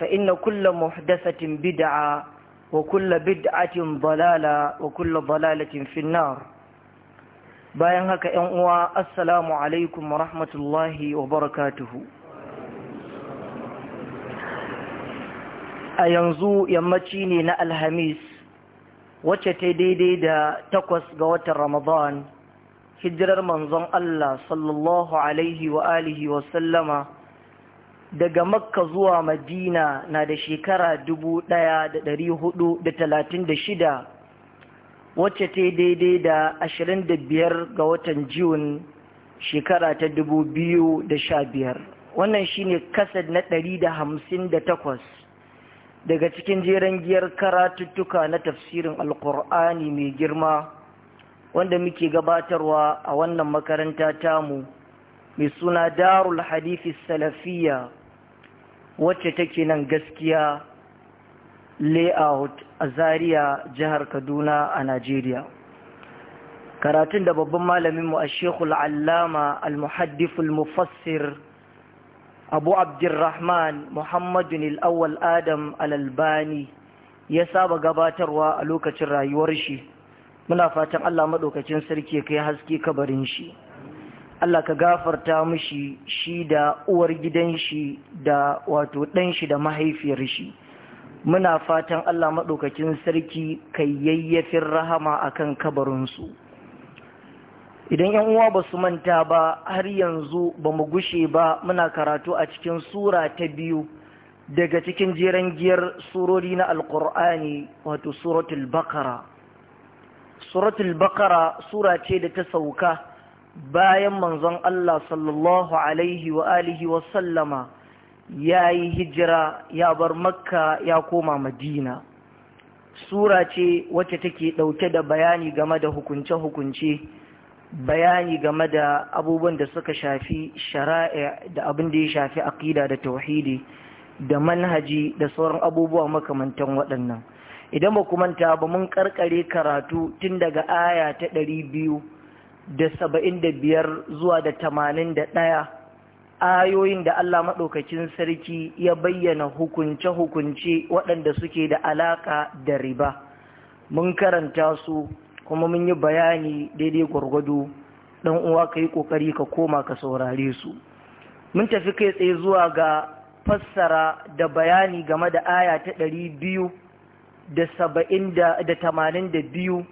فإن كل محدثة بدعة وكل بدعة ضلالة وكل ضلالة في النار bayan haka ‘yan uwa assalamu alaikum wa rahmatullahi wa barakatuhu a yanzu yammaci ne na alhamis wacce ta daidai da takwas ga watan ramadan hijirar manzon Allah sallallahu alaihi wa wa sallama daga makka zuwa madina na da shekara dubu ɗaya da da da talatin da shida, wacce ta daidai da ashirin da biyar ga watan Jun shekara ta dubu biyu da sha biyar. wannan shine kasad na ɗari da hamsin da takwas, daga cikin jeren giyar karatuttuka na tafsirin alkur'ani mai girma wanda muke gabatarwa a wannan makaranta tamu mai suna darul hadithi salafiyya wacce take nan gaskiya layout a zaria jihar kaduna a najeriya karatun da babban malaminmu a shekul allama al mufassir abu muhammadu muhammadun al'awwal adam al'albani ya saba gabatarwa a lokacin rayuwar shi muna fatan allah maɗaukacin sarki kai haske kabarin shi Allah ka gafarta mishi shi da uwar gidan shi da wato ɗan shi da mahaifiyar shi muna fatan Allah maɗaukakin sarki kai yayyafin rahama akan kabarinsu idan yan uwa ba su manta ba har yanzu ba mu gushe ba muna karatu a cikin sura ta biyu daga cikin jiran giyar surori na alkur'ani wato suratul bakara suratul bakara sura ce da ta sauka bayan manzon Allah sallallahu alaihi wa alihi wa sallama ya yi hijira ya bar makka ya koma madina sura ce wacce take ɗauke da bayani game da hukunce-hukunce bayani game da abubuwan da suka shafi shara'a da abin da ya shafi aƙida da tauhidi da manhaji da sauran abubuwa makamantan waɗannan idan ba manta ba mun karkare karatu tun daga aya ta ɗari biyu da saba'in da biyar zuwa da tamanin da ɗaya ayoyin da Allah maɗaukacin sarki ya bayyana hukunce-hukunce waɗanda suke da alaƙa da riba mun karanta su kuma mun yi bayani daidai gwargwado ɗan uwa ka yi ƙoƙari ka koma ka saurare su mun tafi kai tsaye zuwa ga fassara da bayani game da aya ta ɗari biyu da saba'in da tamanin da biyu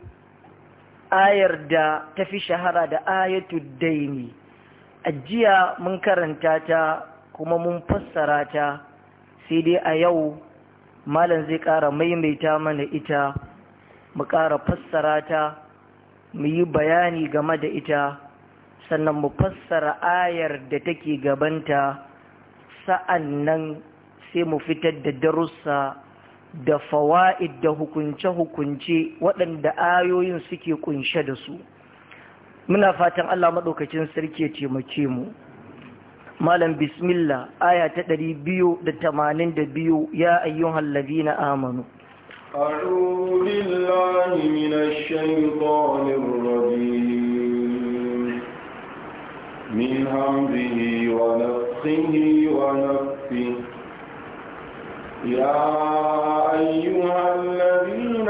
ayar da ta fi shahara da ayatu daini ajiya mun karanta ta kuma mun fassara ta sai dai a yau malam zai ƙara maimaita mana ita mu ƙara fassara ta mu yi bayani game da ita sannan mu fassara ayar da take gabanta sa'an nan sai mu fitar da darussa da fawa'id da hukunce-hukunce waɗanda ayoyin suke kunshe da su muna fatan Allah maɗaukacin sarki ya taimake mu malam bismillah aya ta ɗari biyu da tamanin da biyu ya ayyuhan na amanu من همزه يا أيها الذين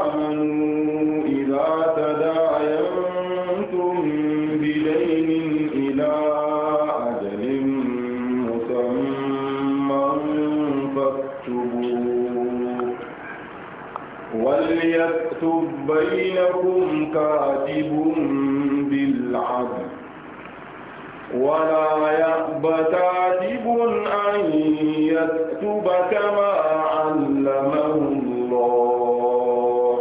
آمنوا إذا تداينتم إلى أجل مسمى وليكتب بينكم كاتب بالعدل ولا يأبى كاتب أن يكتب كما علمه الله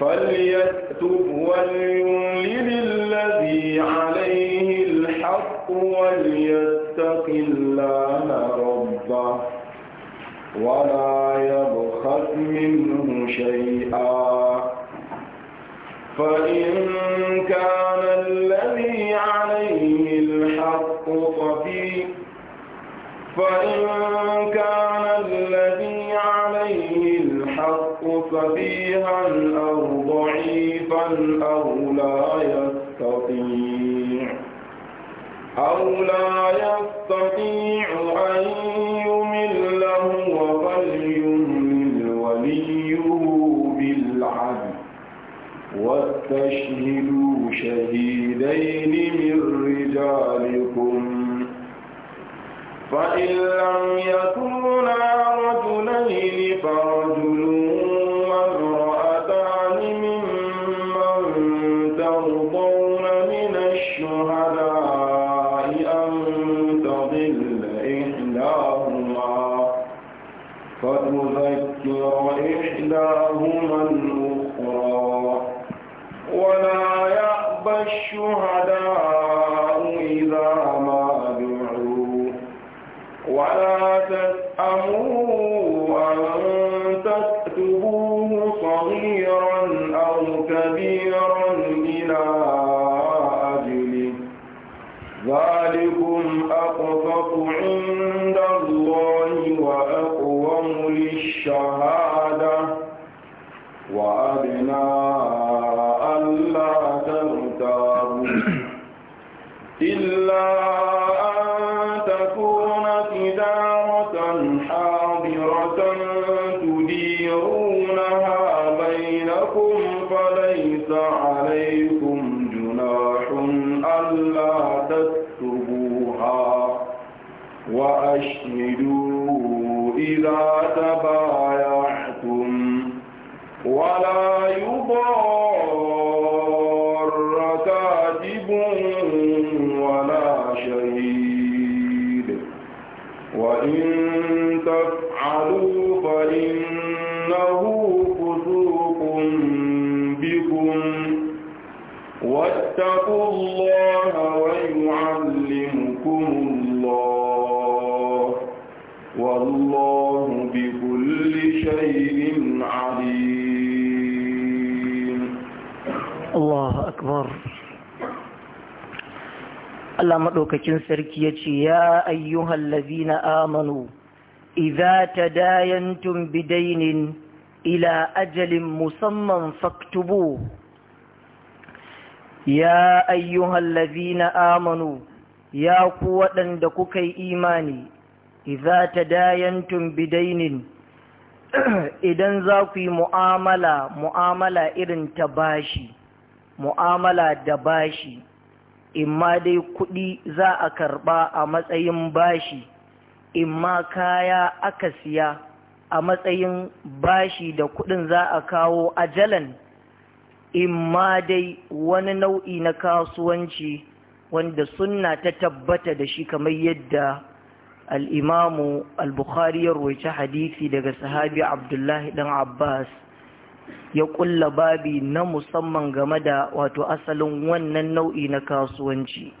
فليكتب وليملل الذي عليه الحق وليتق الله ربه ولا يبخس منه شيئا فإن كان الذي يوق فإن كان الذي عليه الحق فبيها أو ضعيفا أو لا يستطيع أو لا يستطيع أن يمل هو فليمل وليه بالعدل واستشهدوا شهيدين فإن لم يكونا رجلين فرجل وامرأتان ممن ترضون من الشهداء أن تضل إحداهما فتذكر إحداهما الأخرى ولا يأبى الشهداء الله akbar Allah maɗaukakin sarki ya ce, Ya ayyuhan lazina amanu, idza ta dayantum ila ajalin musamman faktubu. Ya ayyuhan lazina amanu, ya ku waɗanda kuka yi imani, idza idan za ku yi mu'amala, mu'amala irin ta bashi. mu'amala da bashi imma dai kuɗi za a karɓa a matsayin bashi imma kaya aka siya a matsayin bashi da kuɗin za a kawo ajalan imma dai wani nau'i na kasuwanci wanda sunna ta tabbata da shi kamar yadda al'imamu al-bukhari ya roci hadisi daga sahabi abdullahi ɗan abbas ya kulla babi na musamman game da wato asalin wannan nau'i na kasuwanci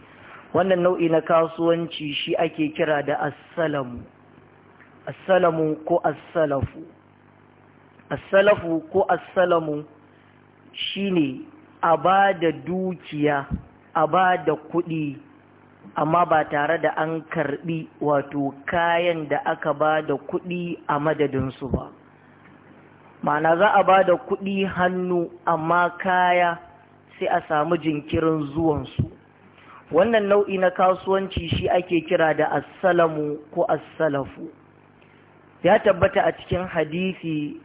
wannan nau'i na kasuwanci shi ake kira da assalamu assalamu ko assalafu assalafu ko assalamu shine a ba da dukiya a ba da kuɗi amma ba tare da an karɓi wato kayan da aka ba da kuɗi a madadinsu ba ma'ana za a ba da kuɗi hannu amma kaya sai a samu jinkirin zuwansu wannan nau'i na kasuwanci shi ake kira da assalamu ko assalafu ya tabbata a cikin hadisi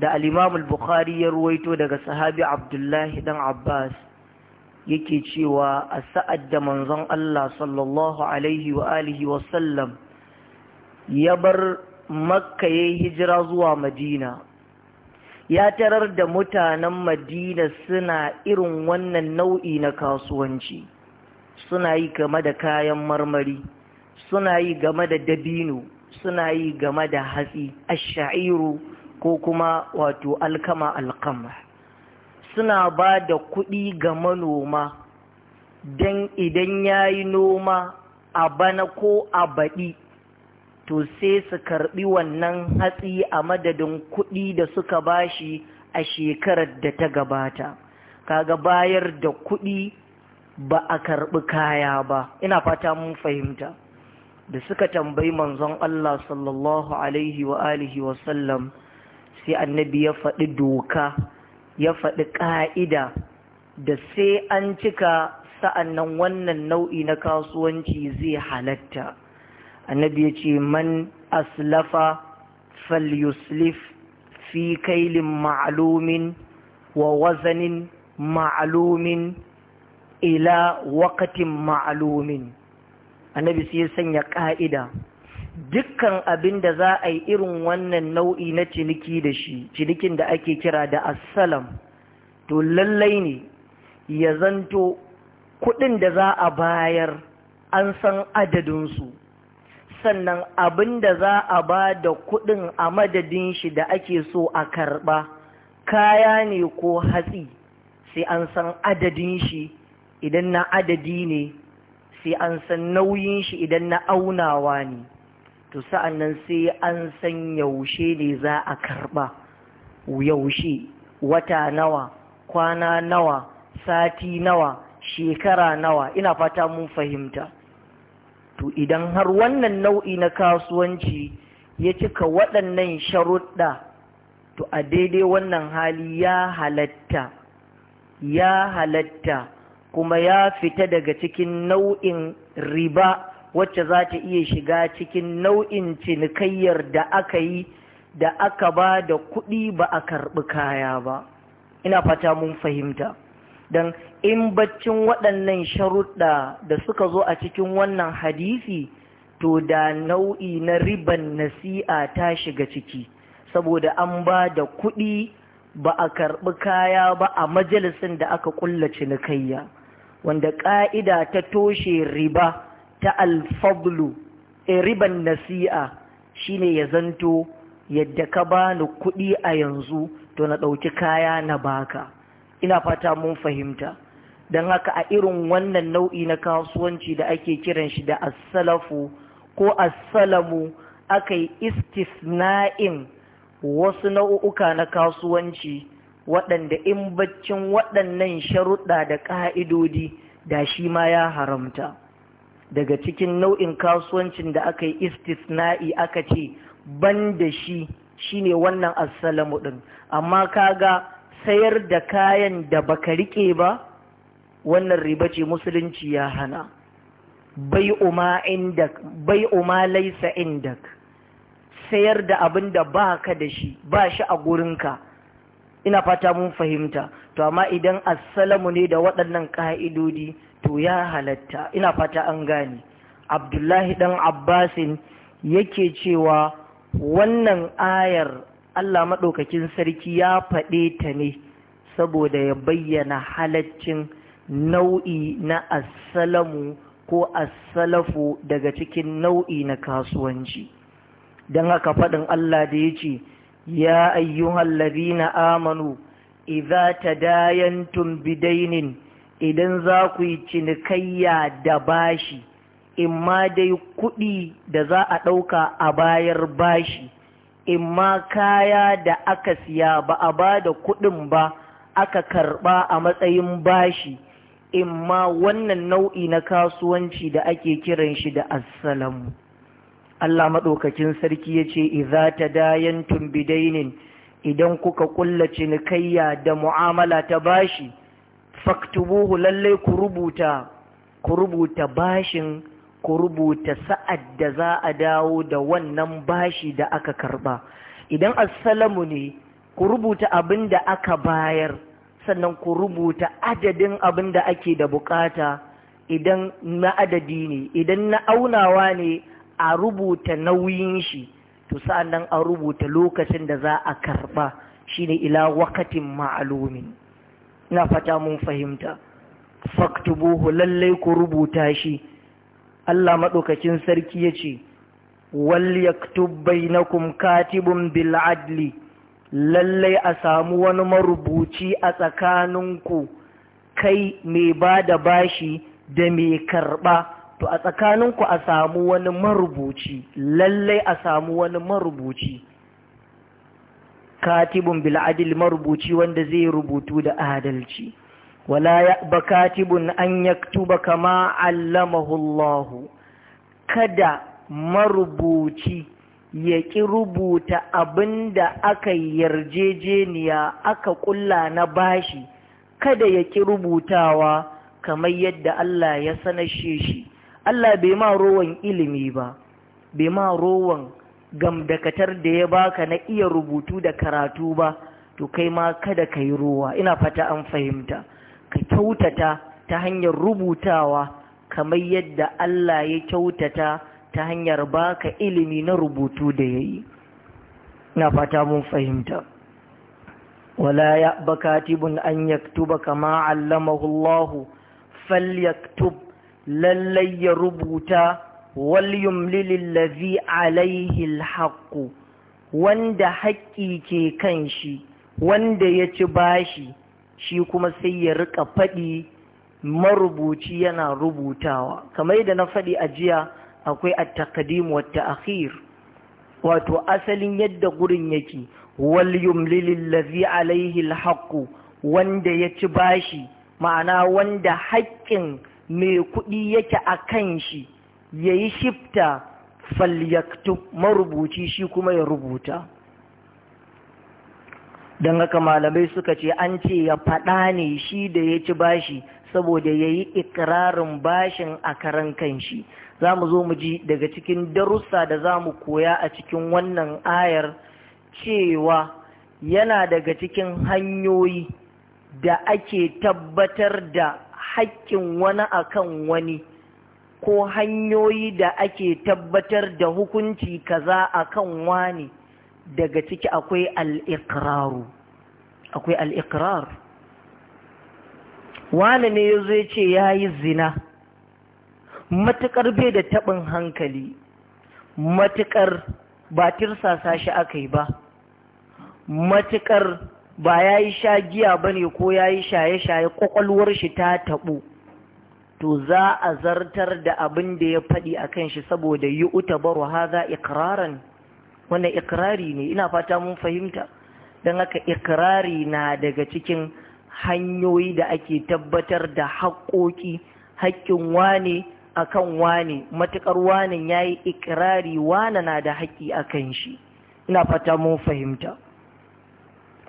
da alimamul bukhari ya ruwaito daga sahabi abdullahi dan abbas yake cewa a sa'ad da manzon Allah sallallahu alaihi wa alihi wa ya bar makka ya hijira zuwa madina ya tarar da mutanen madina suna irin wannan nau'i na kasuwanci suna yi game da kayan marmari suna yi game da dabino suna yi game da hatsi ashairu ko kuma wato alkama alkama suna ba da kuɗi ga manoma don idan ya yi noma a bana ko a baɗi to sai su karɓi wannan hatsi a madadin kuɗi da suka ba shi a shekarar da ta gabata kaga bayar da kuɗi ba a karɓi kaya ba ina fata mun fahimta da suka tambayi manzon Allah sallallahu alaihi wa alihi wa sallam sai annabi ya faɗi doka ya faɗi ƙa'ida da sai an cika sa'annan wannan nau'i na kasuwanci zai halatta annabi ya ce man aslafa falyuslif fi kailin ma'alumin wa wazanin ma'alumin ila wakatin ma'alumin annabi sai ya sanya ƙa'ida dukkan abin da za a yi irin wannan nau'i na ciniki da shi cinikin da ake kira da assalam to lallai ne ya zanto kuɗin da za a bayar an san adadinsu sannan abin da za a ba da kuɗin a madadin shi da ake so a karɓa kaya ne ko hatsi sai an san adadin shi idan na adadi ne sai an san nauyin shi idan na aunawa ne to sa'an nan sai an san yaushe ne za a karɓa yaushe wata nawa kwana nawa sati nawa shekara nawa ina fata mun fahimta to idan har wannan nau'i na kasuwanci ya cika waɗannan sharuɗa to a daidai wannan hali ya halatta ya halatta kuma ya fita daga cikin nau'in riba wacce za ta iya shiga cikin nau'in cinikayyar da aka yi da aka ba da kuɗi ba a karɓi kaya ba ina fata mun fahimta don in baccin waɗannan sharuɗa da suka zo a cikin wannan hadisi to da nau'i na riban nasi'a ta shiga ciki saboda an ba da kuɗi ba a karɓi kaya ba a majalisin da aka ƙulla cinikayya wanda ƙa'ida ta toshe riba ta alfablu e eh, riban nasi'a shine ya zanto yadda ka bani kuɗi a yanzu to na ɗauki kaya na baka ina fata mun fahimta don haka a irin wannan nau'i na kasuwanci da ake kiran shi da asalafu ko asalamu aka yi istisna'in wasu nau'uka na kasuwanci waɗanda in baccin waɗannan sharuɗa da ƙa'idodi da shi ma ya haramta daga cikin nau'in kasuwancin da aka yi istisna'i aka ce ban da shi shine wannan asalamu ɗin amma kaga sayar da kayan da baka rike ba wannan riba ce musulunci ya hana bai uma indak laisa indak sayar da abin da baka da shi ba shi a gurinka ina fata mun fahimta to amma idan assalamu ne da waɗannan ƙa'idodi to ya halatta ina fata an gane abdullahi dan abbasin yake cewa wannan ayar Allah maɗaukakin sarki ya faɗe ta ne saboda ya bayyana halaccin nau'i na asalamu ko asalafu daga cikin nau'i na kasuwanci don haka faɗin Allah da ya ce ya ayyuhan na amanu dayan tumbi bidainin idan za ku yi cinikayya da bashi imma dai kuɗi da za a ɗauka a bayar bashi In ma kaya da aka siya ba a ba da kuɗin ba aka karɓa a matsayin bashi In ma wannan nau'i na kasuwanci da ake kiran shi da assalamu Allah maɗaukakin sarki ya ce iza ta dayan tumbidainin, idan kuka ƙulla cinikayya da mu'amala ta bashi faktubuhu lallai ku rubuta ku rubuta bashin ku rubuta sa'ad da za a dawo da wannan bashi da aka karba idan assalamu ne ku rubuta abin da aka bayar sannan ku rubuta adadin abin da ake da bukata idan na adadi ne idan na aunawa ne a rubuta nauyin shi to sa'an nan a rubuta lokacin da za a karba shine ila wakatin ma'alumin na fata mun fahimta faktubuhu lallai ku rubuta shi Allah maɗaukakin sarki ya ce, Walyaktub kum katibun bil'adli, lallai a samu wani marubuci a tsakaninku, kai mai ba da bashi da mai karɓa, to a tsakaninku a samu wani marubuci, lallai a samu wani marubuci. katibin bil'adli marubuci wanda zai rubutu da adalci. wala ya'ba katibun an yaktuba kama allamahu Allah kada marubuci ya ƙi rubuta abinda aka yarjejeniya aka ƙulla na bashi kada ya ƙi rubutawa kamar yadda Allah ya sanashe shi Allah bai ma rowan ilimi ba bai ma rowan gamdakatar da ya baka na iya rubutu da karatu ba to kai ma kada ka yi rowa ina fata an fahimta ka kyautata ta hanyar rubutawa kamar yadda Allah ya kyautata ta hanyar baka ilimi na rubutu da yayi na fata mun fahimta wala ya bakatibun an yaktuba kama allamahu Allah falyaktub lallai ya rubuta walyum yumlil alaihi alhaq wanda haƙƙi ke kan shi wanda ya ci bashi shi kuma sai ya rika faɗi marubuci yana rubutawa kamar yadda na faɗi a jiya akwai a takadim wata akhir wato asalin yadda gurin yake walyum yumlil alaihi al wanda ya ci bashi ma'ana wanda haƙƙin mai kuɗi yake a kan shi yayi shifta falyaktub marubuci shi kuma ya rubuta don haka malamai suka ce an ce ya faɗa ne shi da ya ci bashi saboda ya yi ikirarin bashin a karan kanshi za mu zo mu ji daga cikin darussa da za mu koya a cikin wannan ayar cewa yana daga cikin hanyoyi da ake tabbatar da haƙƙin wani akan wani ko hanyoyi da ake tabbatar da hukunci kaza akan wani daga ciki akwai al'iƙraru akwai al'iƙrar wane ne ya zo ya ce ya yi zina matuƙar bai da taɓin hankali matuƙar ba tirsasa shi aka yi ba matuƙar ba ya yi giya ba ne ko ya yi shaye-shaye ƙwaƙwalwar shi ta taɓo to za a zartar da abin da ya faɗi a kan shi saboda yi uta baro haza ikiraran wannan ikrari ne ina fata mun fahimta don haka ikirari na daga cikin hanyoyi da ake tabbatar da haƙoƙi haƙƙin wane a kan wane matuƙar wanen ya yi ikirari wane na da haƙƙi a kan shi ina fata mun fahimta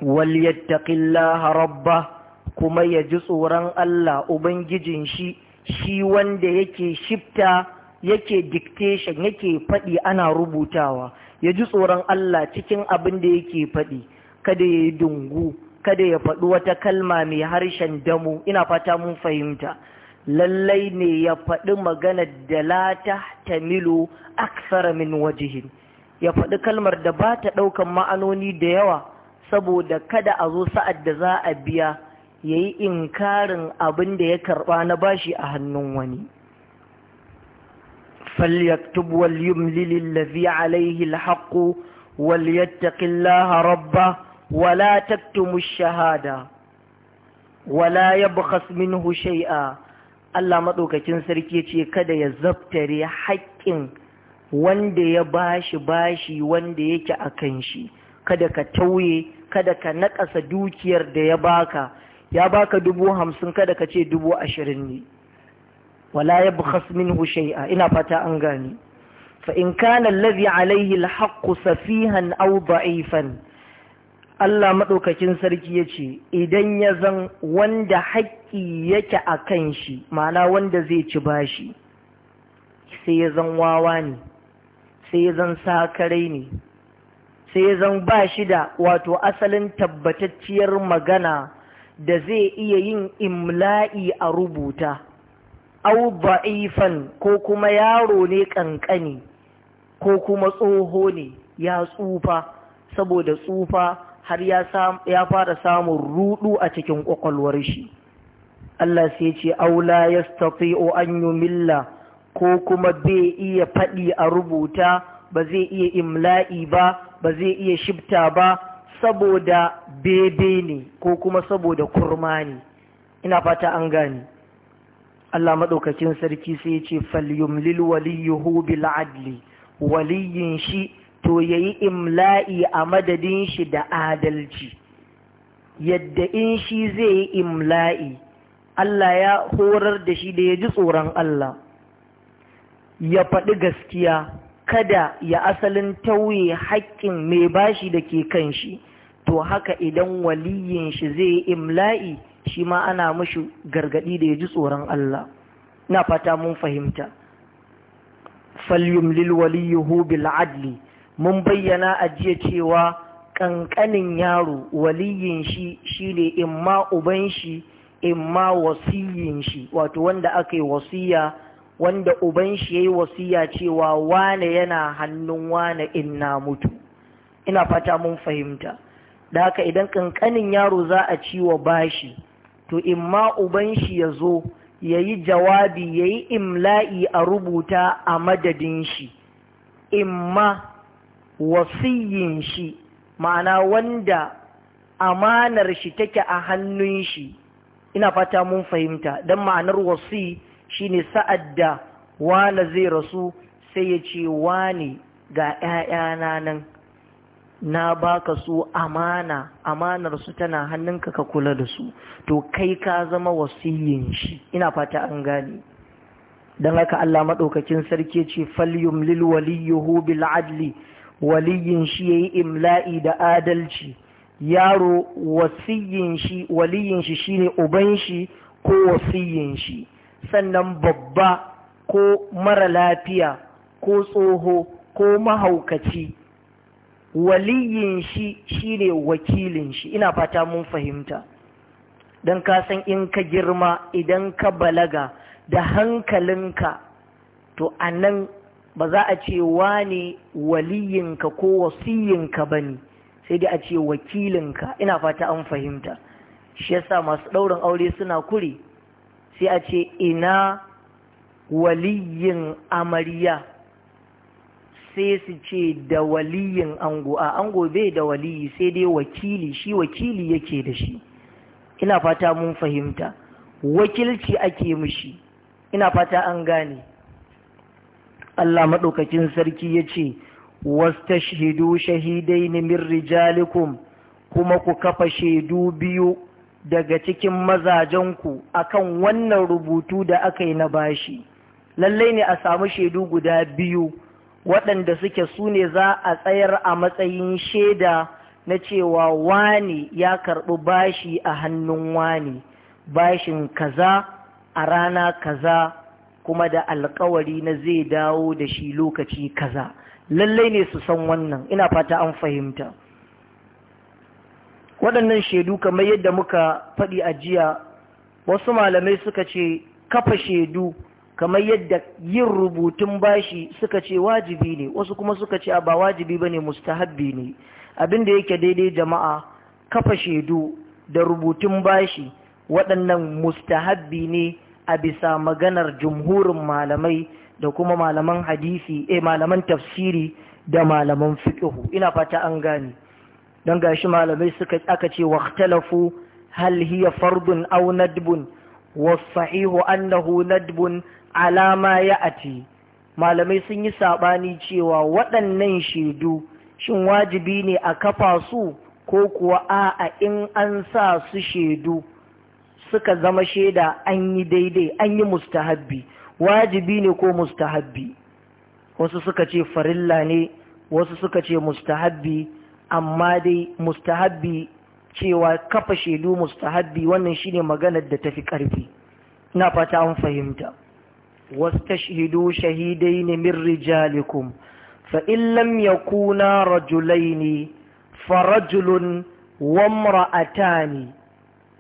waliyattaqillaha rabba kuma ya ji tsoron Allah ubangijin shi shi wanda yake shifta yake dictation yake faɗi ana rubutawa ya ji tsoron Allah cikin abin da yake faɗi kada ya yi dungu kada ya faɗi wata kalma mai harshen damu ina fata mun fahimta lallai ne ya faɗi magana da lata ta milo aksara min wajihin ya faɗi kalmar da ba ta ɗaukan ma'anoni da yawa saboda kada a zo sa'ad da za a biya ya yi inkarin abin da ya karɓa na bashi a hannun wani. فليكتب وليملل الذي عليه الحق وليتق الله ربه ولا تكتم الشهادة ولا يبخس منه شيئا Allah maɗaukakin sarki ce kada ya zaftare haƙƙin wanda ya bashi bashi wanda yake a kan shi kada ka tauye kada ka naƙasa dukiyar da ya baka ya baka dubu hamsin kada ka ce dubu ashirin ne wala yabkhas minhu shay'a ina fata an gane fa in kana alayhi alhaqqu safihan aw da'ifan Allah madaukakin sarki yace idan ya zan wanda haƙƙi yake akan shi ma'ana wanda zai ci bashi sai ya zan wawa ne sai ya zan sakarai ne sai ya zan ba shi da wato asalin tabbatacciyar magana da zai iya yin imla'i a rubuta au ko kuma yaro ne kankani ko kuma tsoho ne ya tsufa saboda tsufa har ya fara samun rudu a cikin kwakwalwar shi Allah sai ce aula ya yastati'u an yumilla ko kuma bai iya faɗi a rubuta ba zai iya imla'i ba ba zai iya shifta ba saboda bebe ne ko kuma saboda kurma ina fata an gani Allah maɗaukakin sarki sai ya ce falyumlil waliyuhu bil adli waliyin shi to yi imla'i a madadin shi da adalci yadda in shi zai yi imla'i Allah ya horar da shi da ya ji tsoron Allah ya faɗi gaskiya kada ya asalin tauye haƙƙin mai bashi da ke kan shi to haka idan waliyin shi zai yi imla'i shi ma ana mushi gargadi da ya ji tsoron Allah na fata mun fahimta falyum lil waliyuhu bil adli mun bayyana a jiya cewa ƙanƙanin yaro waliyin shi shine imma uban shi imma wasiyin shi wato wanda aka wasiya wanda uban shi yayi wasiya cewa wane yana hannun wane in mutu ina fata mun fahimta da haka idan ƙanƙanin yaro za a ciwo bashi to imma uban shi ya zo ya yi jawabi ya yi imla'i a rubuta a madadin shi imma wasiyin shi ma'ana wanda amanar shi take a hannun shi ina fata mun fahimta don ma'anar wasi shine sa'ad da wane zai rasu sai ya ce wane ga ‘ya'yana nan na baka su amana amanar su tana hannunka ka kula da su to kai ka zama wasiyin shi ina fata an gane don haka Allah maɗaukakin sarki ce falyum lil waliyuhu bil adli waliyin shi yayi imla'i da adalci yaro wasiyin shi waliyin shi shine uban shi ko wasiyin shi sannan babba ko mara lafiya ko tsoho ko mahaukaci waliyin shi shine wakilin shi ina fata mun fahimta don ka san in ka girma idan ka balaga da hankalinka to a nan ba za a ce wane waliyinka ko wasiyinka ba ne sai dai a ce wakilinka ina fata an fahimta shi yasa masu ɗaurin aure suna kure sai a ce ina waliyin amarya sai su ce da waliyin ango a ango bai da waliyi sai dai wakili shi wakili yake da shi ina fata mun fahimta wakilci ake mushi. ina fata an gane Allah maɗaukakin sarki ya ce wastashhidu shahidaini min rijalikum kuma ku kafa shaidu biyu daga cikin mazajenku akan wannan rubutu da aka yi na bashi lallai ne a samu shaidu guda biyu waɗanda suke su ne za a tsayar a matsayin shaida na cewa wani ya karɓi bashi a hannun wani bashin kaza a rana kaza kuma da alkawari na zai dawo da shi lokaci kaza lallai ne su san wannan ina fata an fahimta waɗannan shaidu kamar yadda muka faɗi a jiya wasu malamai suka ce kafa shaidu kamar yadda yin rubutun bashi suka ce wajibi ne wasu kuma suka ce ba wajibi bane mustahabbi ne abinda yake daidai jama'a kafa shaidu da rubutun bashi waɗannan mustahabbi ne a bisa maganar jumhurin malamai da kuma malaman hadisi eh malaman tafsiri da malaman fiqhu ina fata an gane dan gashi malamai suka aka ce waqtalafu hal hiya fardun aw nadbun والصحيح أنه ندب alama ya ati malamai sun yi saɓani cewa waɗannan shaidu shin wajibi ne a kafa su ko kuwa a'a in an sa su shaidu suka zama shaida an yi daidai an yi mustahabbi wajibi ne ko mustahabbi wasu suka ce farilla ne wasu suka ce mustahabbi amma dai mustahabbi cewa kafa shaidu mustahabbi wannan shine maganar da tafi ƙarfi na fata an fahimta واستشهدوا شهيدين من رجالكم فإن لم يكونا رجلين فرجل وامرأتان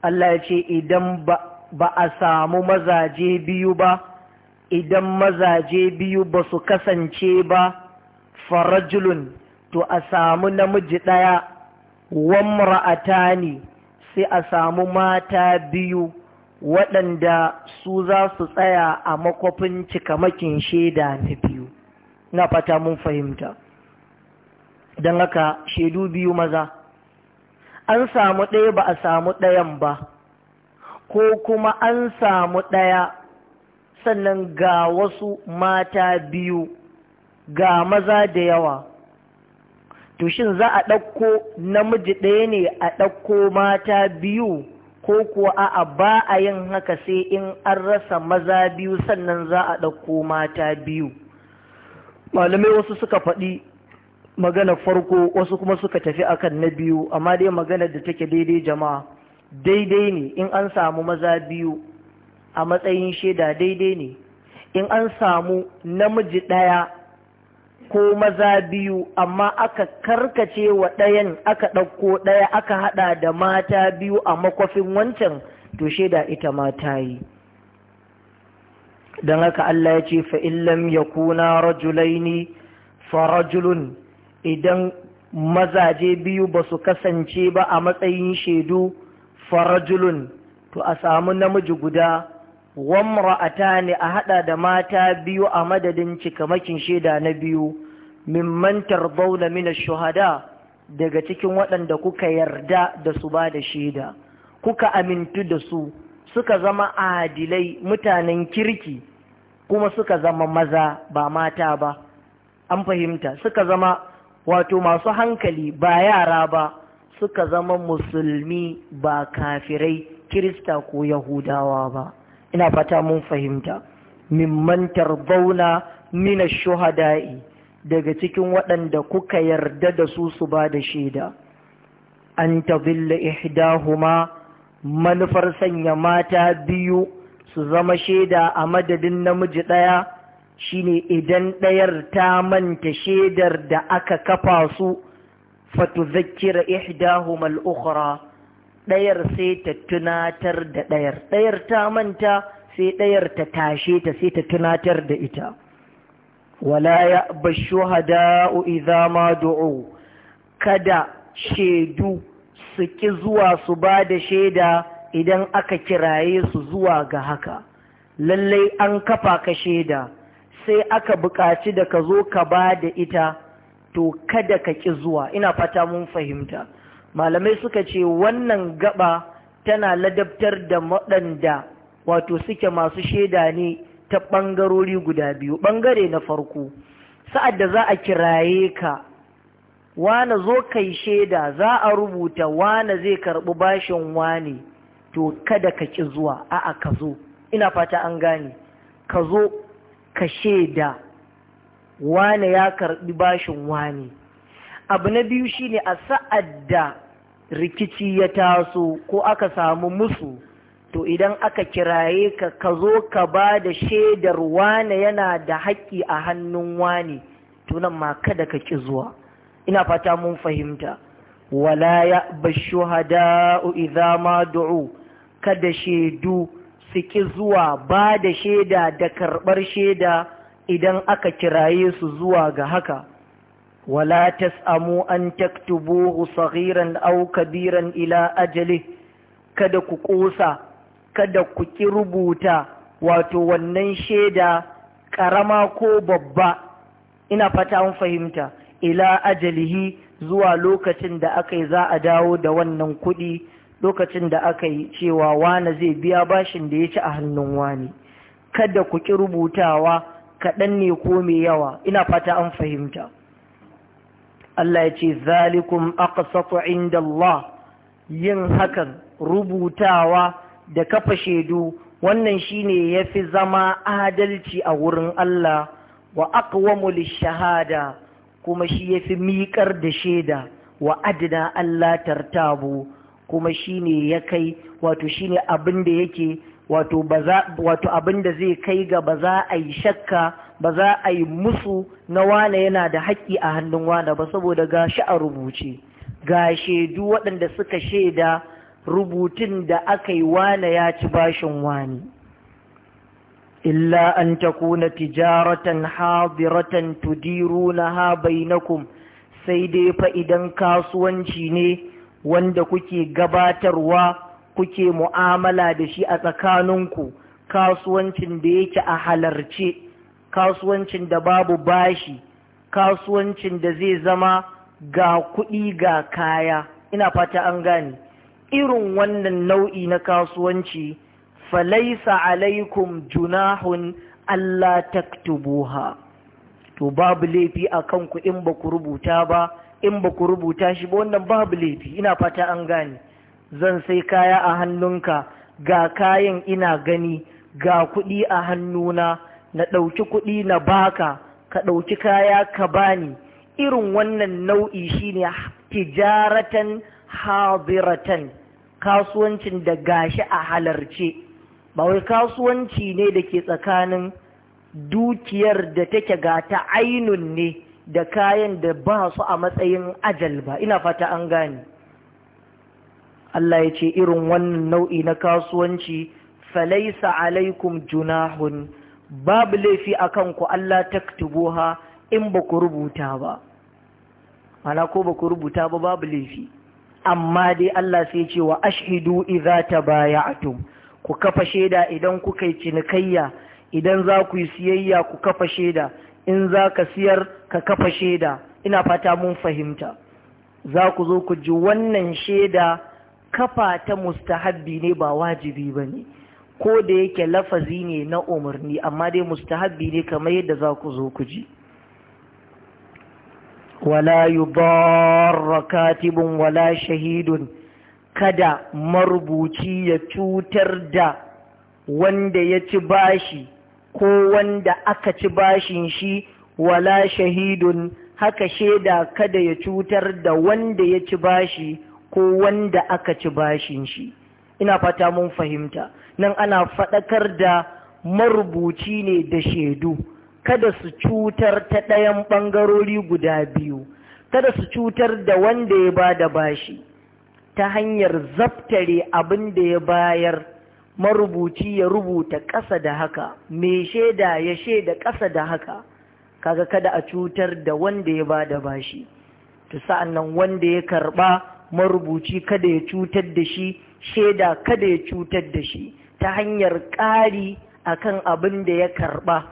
Allah ya ce idan ba a samu mazaje biyu ba idan mazaje biyu ba su kasance ba farajulun to a samu namiji ɗaya ne sai a samu mata biyu waɗanda su za su tsaya a makwafin cikamakin shaida na biyu na fata mun fahimta don haka shaidu biyu maza an samu ɗaya ba a samu ɗayan ba ko kuma an samu ɗaya sannan ga wasu mata biyu ga maza da yawa to shin za a ɗauko namiji ɗaya ne a ɗauko mata biyu ko kuwa a'a ba a yin haka sai in an rasa maza biyu sannan za a ɗauko mata biyu malamai wasu suka faɗi magana farko wasu kuma suka tafi akan na biyu amma dai magana da take daidai jama'a daidai ne in an samu maza biyu a matsayin shaida daidai ne in an samu namiji ɗaya ko maza biyu amma aka karkace wa ɗayan aka ɗauko ɗaya aka haɗa da mata biyu a makwafin wancan to shaida ita ma ta yi don haka Allah ya ce fa'illam ya kuna rajulaini farajulun idan mazaje biyu ba su kasance ba a matsayin shaidu farajulun to a samu namiji guda ta ne a haɗa da mata biyu a madadin cikamakin shaida na biyu mimman tarbauna mina shuhada daga cikin waɗanda kuka yarda da su ba da shaida kuka amintu da su suka zama adilai mutanen kirki kuma suka zama maza ba mata ba an fahimta suka zama wato masu hankali ba yara ba suka zama musulmi ba kafirai kirista ko yahudawa ba ina fata mun fahimta mimmantar zauna mina shuhada'i daga cikin waɗanda kuka yarda da su su ba da shaida an tazilla ihdahuma manufar sanya mata biyu su zama shaida a madadin namiji ɗaya shine idan ɗayar ta manta shaidar da aka kafa su fatuzakira ihdahuma al ɗayar sai ta tunatar da ɗayar ɗayar ta manta sai ɗayar ta tashe ta sai ta tunatar da ita wala ya bashu hada'u idza ma du'u kada shaidu su ki zuwa su ba da shaida idan aka kiraye su zuwa ga haka lallai an kafa ka shaida sai aka buƙaci da ka zo ka ba da ita to kada ka ki zuwa ina fata mun fahimta malamai suka ce wannan gaba tana ladabtar da waɗanda wato suke masu shaida ne ta ɓangarori guda biyu ɓangare na farko sa'ad da za a kiraye ka wane zo kai shaida za a rubuta wane zai karɓi bashin wane to kada ka ƙi zuwa a'a ka zo ina fata an gane ka zo ka shaida wane ya karɓi bashin wane abu na biyu shine a sa'ad da rikici ya taso ko aka samu musu to idan aka kiraye ka ka zo ka ba da shaidar wane yana da haƙƙi a hannun wane tunan ma kada ka ƙi zuwa ina fata mun fahimta wala ya bashuhada'u idza ma du'u kada shaidu su ƙi zuwa ba da shaida da karɓar shaida idan aka kiraye su zuwa ga haka ولا تسأموا أن تكتبوه صغيرا أو كبيرا إلى أجله kada ku ƙosa kada ku ƙi rubuta wato wannan shaida ƙarama ko babba ina fata an fahimta ila ajalihi zuwa lokacin da aka yi za a dawo da wannan kuɗi lokacin da aka yi cewa wane zai biya bashin da ya ci a hannun wani kada ku ƙi rubutawa kaɗan ne ko mai yawa ina fata an fahimta Allah ya ce zalikum aqsatu inda Allah yin hakan rubutawa da kafa shaidu wannan shine yafi zama adalci a wurin Allah wa aqwamu lishahada kuma shi yafi miƙar da shaida wa adna Allah tartabu kuma shine ya kai wato shine abin da yake wato abin da zai kai ga ba za a yi shakka ba za a yi musu na wane yana da haƙƙi a hannun wane ba saboda ga shi a rubuce ga shaidu waɗanda suka shaida rubutun da aka yi wane ya ci bashin wane illa an takuna tijaratan na na bainakum sai dai fa idan kasuwanci ne wanda kuke gabatarwa kuke mu'amala da shi a tsakaninku kasuwancin da yake a halarce kasuwancin da babu bashi kasuwancin da zai zama ga kuɗi ga kaya ina fata an gane irin wannan nau'i na kasuwanci falaisa alaikum junahun Allah taktubuha to babu laifi a kanku in ba ku rubuta ba in ba ku rubuta shi ba wannan babu laifi ina fata an gane zan sai kaya a hannunka ga kayan ina gani ga kuɗi a hannuna na ɗauki kuɗi na baka ka ɗauki kaya ka bani irin wannan nau'i shine tijaratan hadiratan kasuwancin da gashi a halarce ba wai kasuwanci ne da ke tsakanin dukiyar da take ga ta ainun ne da kayan da ba su a matsayin ajal ba ina fata an gane Allah ya ce irin wannan nau'i na kasuwanci falaisa alaikum junahun babu laifi a kanku Allah ha in ba ku rubuta ba mana ko ba ku rubuta ba babu laifi amma dai Allah sai ce wa baya idza tabaya'tum ku kafa shaida idan kuka yi cinikayya idan za ku yi siyayya ku kafa shaida in za ka siyar ka kafa shaida ina fata mun fahimta za ku zo ku ji wannan shaida kafa ta mustahabbi ne ba wajibi ba ne ko da yake lafazi ne na umarni amma dai mustahabbi ne kamar yadda za ku zo ku ji wala yubarra katibun wala shahidun kada marubuci ya cutar da wanda ya ci bashi ko wanda aka ci bashin shi wala shahidun haka shaida kada ya cutar da wanda ya ci bashi ko wanda aka ci bashin shi ina fata mun fahimta nan ana faɗakar da marubuci ne da shaidu kada su cutar ta ɗayan ɓangarori guda biyu kada su cutar da wanda ya ba da bashi ta hanyar zaftare abin da ya bayar marubuci ya rubuta ƙasa da haka me shaida ya shaida ƙasa da haka kaga kada a cutar da wanda ya ba da bashi to sa'an nan wanda ya karɓa marubuci kada ya cutar da shi shaida kada ya cutar da shi ta hanyar ƙari a kan abin da ya karɓa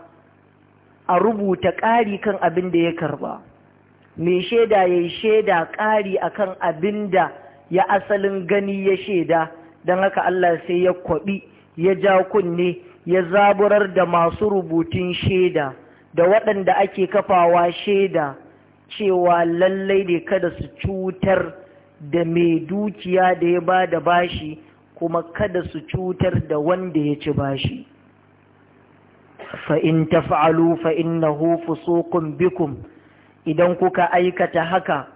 a rubuta ƙari kan abin da ya karɓa mai shaida ya shaida ƙari a kan abin da ya asalin gani ya shaida don haka Allah sai ya kwaɓi ya ja kunne ya zaburar da masu rubutun shaida da waɗanda ake kafawa shaida cewa lallai ne kada su cutar da mai dukiya da ya ba da bashi kuma kada su cutar da wanda ya ci bashi fa'in ta fa'alu fa'in na hufu sokun bikun. idan kuka aikata haka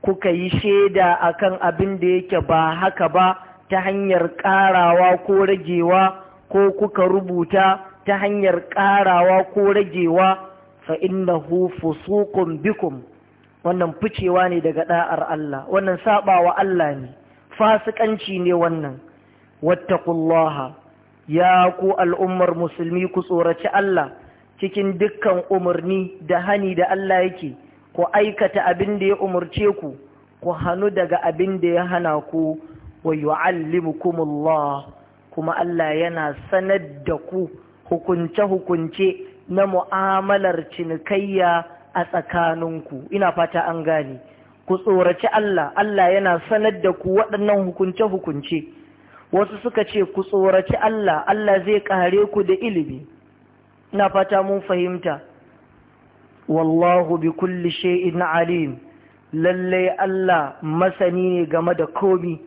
kuka yi shaida a kan abin da yake ba haka ba ta hanyar ƙarawa ko ragewa ko kuka rubuta ta hanyar ƙarawa ko ragewa fa'in na hufu sokun bikum wannan ficewa ne daga ɗa'ar Allah wannan saɓawa Allah ne fasikanci ne wannan wattaqullaha ya ku al'ummar musulmi ku tsoraci Allah cikin dukkan umarni da hani da Allah yake ku aikata abin da ya umarce ku ku hanu daga abin da ya hana ku wa yu'allimukumullah kuma Allah yana sanar da ku hukunce-hukunce na mu'amalar cinikayya a tsakaninku ina fata an gane ku tsoraci Allah Allah yana sanar da ku waɗannan hukunce-hukunce wasu suka ce ku tsoraci Allah Allah zai kare ku da ilimi ina fata mun fahimta wallahu bi kulli shay'in alim lalle Allah masani ne game da komi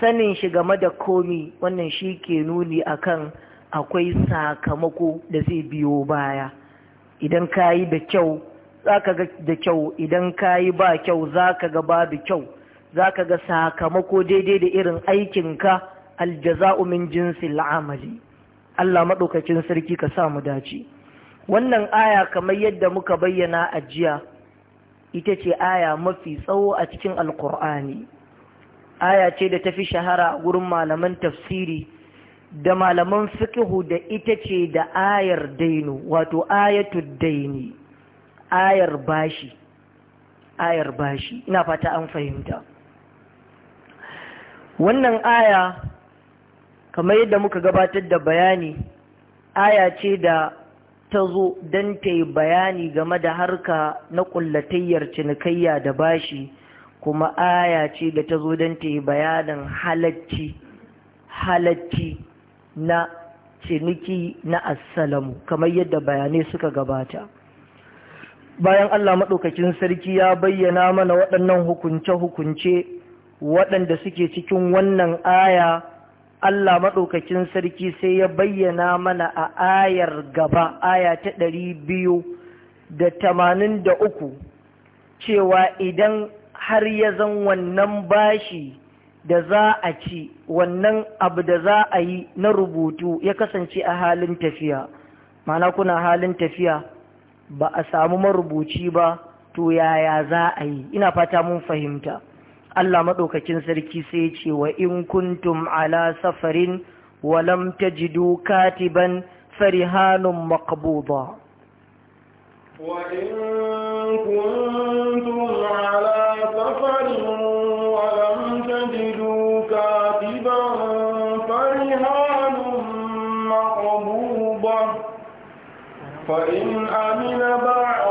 sanin shi game da komi wannan shi ke nuni akan akwai sakamako da zai biyo baya idan ka da kyau za ga da kyau idan kayi ba kyau za ga babu kyau zaka ga sakamako daidai da irin aikin ka aljaza'u min jinsil amali Allah maɗaukacin sarki ka sa mu dace wannan aya kamar yadda muka bayyana a jiya ita ce aya mafi tsawo a cikin alkur'ani aya ce da tafi shahara a gurin malaman tafsiri da malaman fikihu da ita ce da ayar dainu wato ayatu daini ayar bashi ayar bashi ina fata an fahimta wannan aya kamar yadda muka gabatar da bayani aya ce da ta zo don ta yi bayani game da harka na ƙullatayyar cinikayya da bashi kuma aya ce da ta zo don ta yi bayanin halacci halacci na ciniki na assalamu kamar yadda bayanai suka gabata bayan Allah maɗaukakin sarki ya bayyana mana waɗannan hukunce-hukunce waɗanda suke cikin wannan aya Allah maɗaukakin sarki sai ya bayyana mana a ayar gaba aya ta ɗari biyu da tamanin da uku cewa idan har ya zan wannan bashi da za a ci wannan abu da za a yi na rubutu ya kasance a halin tafiya mana kuna halin tafiya ba a samu marubuci ba to yaya za a yi ina fata mun fahimta Allah maɗaukakin sarki sai ce wa in kuntum ala safarin walam tajidu katiban farihanun maqbuda wa in kuntum ala safarin walam tajidu katiban farihanun maqbuda fa in amina ba'a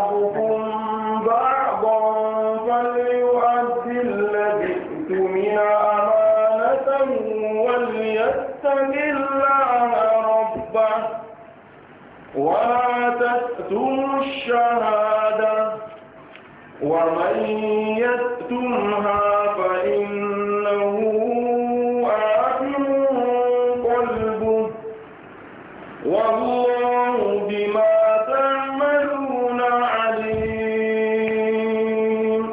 ولا تكتموا الشهادة ومن يأتمها فإنه آثم قلبه والله بما تعملون عليم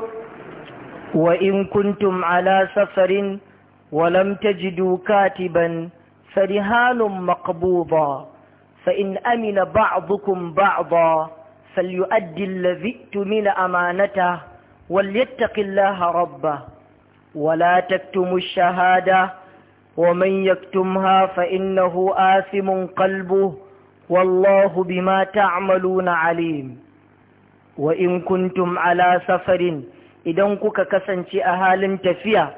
وإن كنتم على سفر ولم تجدوا كاتبا فرهان مقبوضا فإن أمن بعضكم بعضا فليؤدي الذي ائتمن أمانته وليتق الله ربه ولا تكتموا الشهادة ومن يكتمها فإنه آثم قلبه والله بما تعملون عليم وإن كنتم على سفر idan kuka kasance a halin tafiya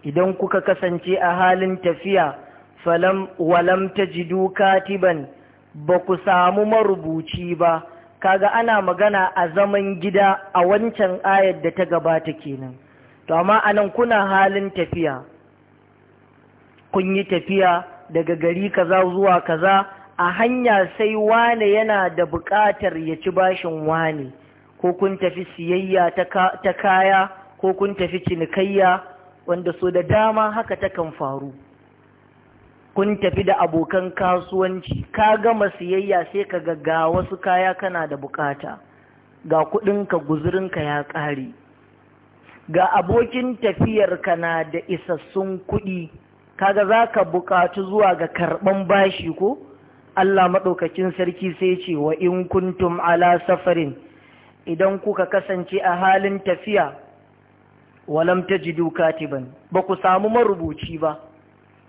idan kuka kasance a halin tafiya falam walam tajidu katiban ba ku samu marubuci ba kaga ana magana a zaman gida a wancan ayar da ta gabata kenan to amma anan kuna halin tafiya kun yi tafiya daga gari kaza zuwa kaza a hanya sai wane yana da buƙatar ya ci bashin wane ko kun tafi siyayya ta kaya ko kun tafi cinikayya wanda so da dama haka takan faru kun tafi da abokan kasuwanci ka gama siyayya sai ka ga wasu kaya kana da bukata ga kudinka guzurinka ya ƙare ga abokin tafiyarka na da isassun kuɗi kaga za ka buƙatu zuwa ga karɓan bashi ko Allah maɗaukacin sarki sai ce wa in kuntum ala safarin idan kuka kasance a halin tafiya walam jidu katiban ba ku samu marubuci ba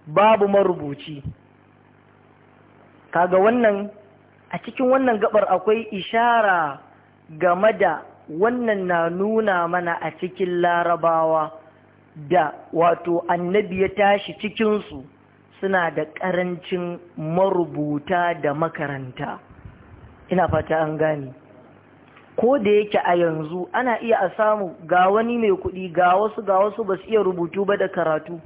babu marubuci kaga wannan a cikin wannan gabar akwai ishara game da wannan na nuna mana a cikin larabawa da wato annabi ya tashi cikinsu suna da ƙarancin marubuta da makaranta ina fata an gani ko da yake a yanzu ana iya a samu ga wani mai kuɗi ga wasu ga wasu ba su iya rubutu ba da karatu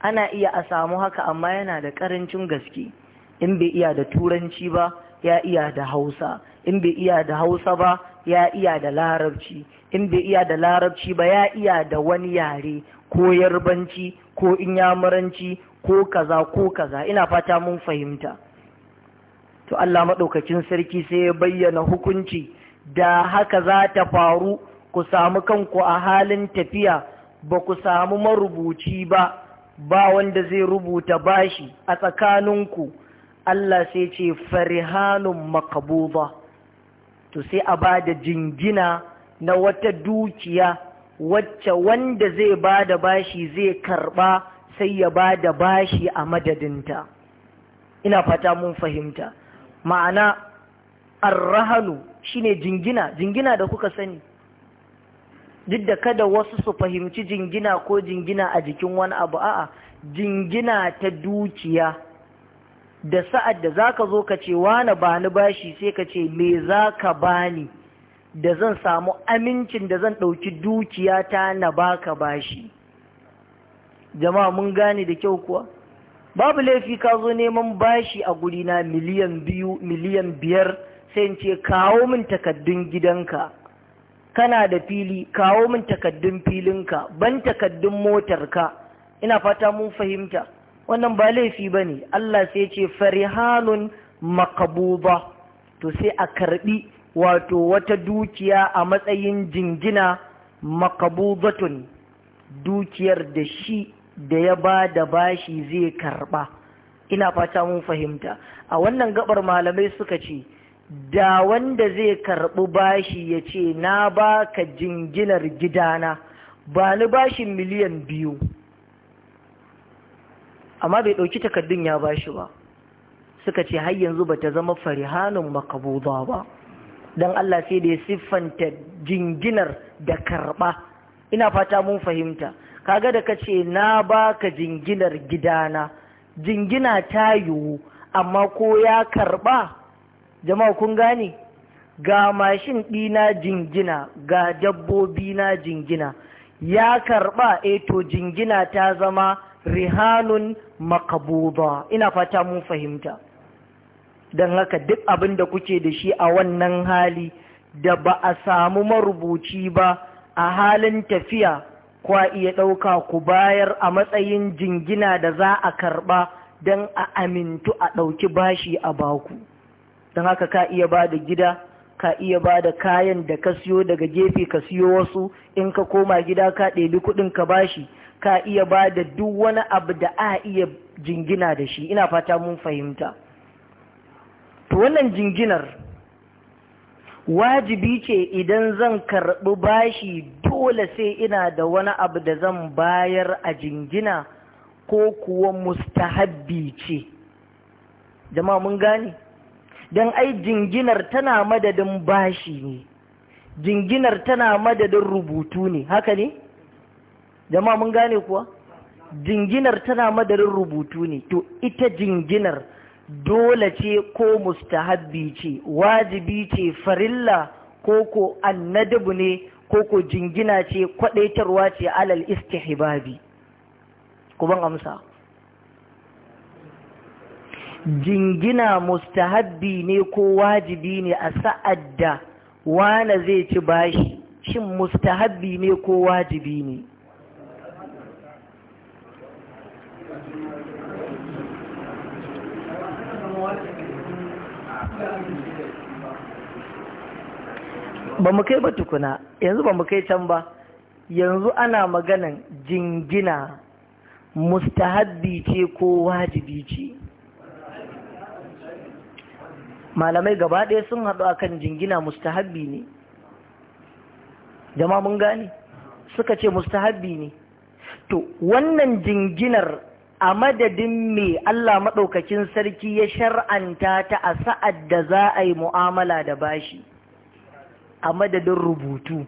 ana iya a samu haka amma yana da ƙarancin gaske in bai iya da turanci ba ya iya da hausa in bai iya da hausa ba ya iya da larabci in bai iya da larabci ba ya iya da wani yare ko yarbanci ko inyamuranci ko kaza ko kaza ina fata mun fahimta to Allah maɗaukacin sarki sai ya bayyana hukunci da haka za ta faru ku samu kanku a halin tafiya ba ku samu marubuci ba ba wanda zai rubuta bashi a tsakaninku Allah sai ce farihanun makabuba to sai a ba da jingina na wata dukiya wacce wanda zai ba da bashi zai karba sai ya ba da bashi a madadinta ina fata mun fahimta ma'ana arrahanu shine jingina jingina da kuka sani duk da kada wasu su fahimci jingina ko jingina a jikin wani abu a'a jingina ta dukiya da sa'ad da zaka zo ka ce wani ba ni bashi sai ka ce me zaka bani da zan samu amincin da zan ɗauki dukiya ta na baka bashi jama'a mun gane da kyau kuwa babu laifi ka zo neman bashi a guri na miliyan biyu miliyan biyar sai in ce kawo min takaddun gidanka kana da fili kawo min takaddun filinka ban takaddun motarka ina fata mun fahimta wannan ba laifi ba ne Allah sai ce farihanun makabuba to sai a karbi wato wata dukiya a matsayin jingina makabubatun dukiyar da shi da ya ba da bashi zai karba ina fata mun fahimta a wannan gabar malamai suka ce da wanda zai karɓi bashi ya ce na ba ka jinginar gidana ba ni bashin miliyan biyu amma bai ɗauki takardun ya bashi ba suka ce har yanzu ba ta zama farihanin makabuza ba don Allah sai da ya siffanta jinginar da karɓa ina fata mun fahimta kaga da ka ce na ba ka jinginar gidana jingina ta yiwu amma ko ya karɓa jama'a kun gane ga mashin ɗina jingina ga dabbobi na jingina ya karɓa eh to jingina ta zama rihanun makabuba ina fata mun fahimta don haka duk abin da kuke da shi a wannan hali da ba a samu marubuci ba a halin tafiya kwa iya ɗauka ku bayar a matsayin jingina da za a karɓa don a amintu a ɗauki bashi a baku. don haka ka iya ba da gida ka iya ba da kayan da ka siyo daga gefe ka siyo wasu in ka koma gida ka ɗebi kuɗin ka bashi ka iya ba da duk wani abu da a iya jingina da shi ina fata mun fahimta to wannan jinginar wajibi ce idan zan karɓi bashi dole sai ina da wani abu da zan bayar a jingina ko kuwa mustahabbi ce jama'a mun gane don ai jinginar tana madadin bashi ne jinginar tana madadin rubutu ne haka ne jama mun gane kuwa jinginar tana madadin rubutu ne to ita jinginar dole ce ko mustahabbi ce wajibi ce farilla ko ko annadabu ne ko ko jingina ce kwadaitarwa ce alal istihbabi ku ban amsa jingina mustahabbi ne ko wajibi ne a sa'ad da wane zai ci bashi shin mustahabbi ne ko wajibi ne ba mu kai ba tukuna yanzu ba mu kai can ba yanzu ana maganan jingina mustahabbi ce ko wajibi ce malamai gaba ɗaya sun haɗu akan jingina mustahabbi ne jama mun gane suka ce mustahabbi ne to wannan jinginar a madadin me Allah maɗaukakin sarki ya shar'anta ta a sa'ad da za a yi mu'amala da bashi a madadin rubutu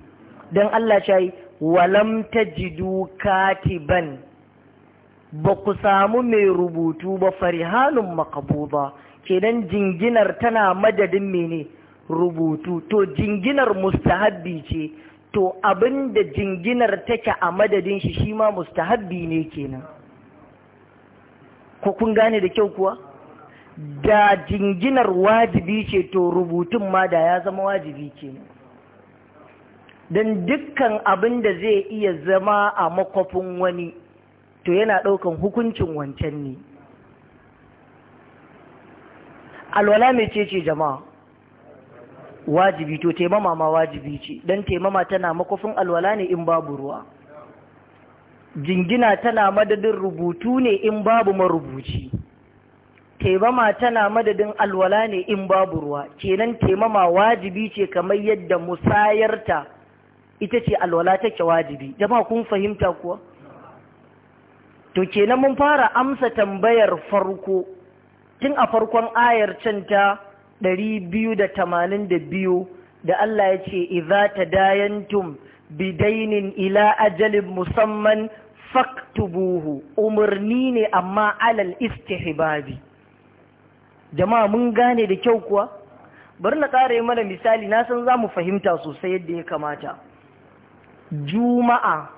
don Allah shayi walam tajidu katiban ba ku samu mai rubutu ba farihanun makabu ba." kenan jinginar tana madadin mene rubutu to jinginar mustahabbi ce to abin da jinginar take a madadin shi shi ma mustahabbi ne kenan ko kun gane da kyau kuwa da jinginar wajibi ce to rubutun ma da ya zama wajibi kenan don dukkan abin da zai iya zama a makwafin wani to yana ɗaukan hukuncin wancan ne alwala mai ce ce jama'a wajibi to taimama ma wajibi ce don taimama tana makofin alwala ne in babu ruwa jingina tana madadin rubutu ne in babu marubuci taimama tana madadin alwala ne in babu ruwa kenan taimama wajibi ce kamar yadda musayarta ita ce alwala take wajibi jama'a kun fahimta kuwa to kenan mun fara amsa tambayar farko tun a farkon ayar can ta biyu da Allah ya ce ta dayantum bidainin ila ajalin musamman faktubuhu umarni ne amma alal istihbabi jama'a mun gane da kyau kuwa bari na ƙara mana misali na san za mu fahimta sosai yadda ya kamata juma'a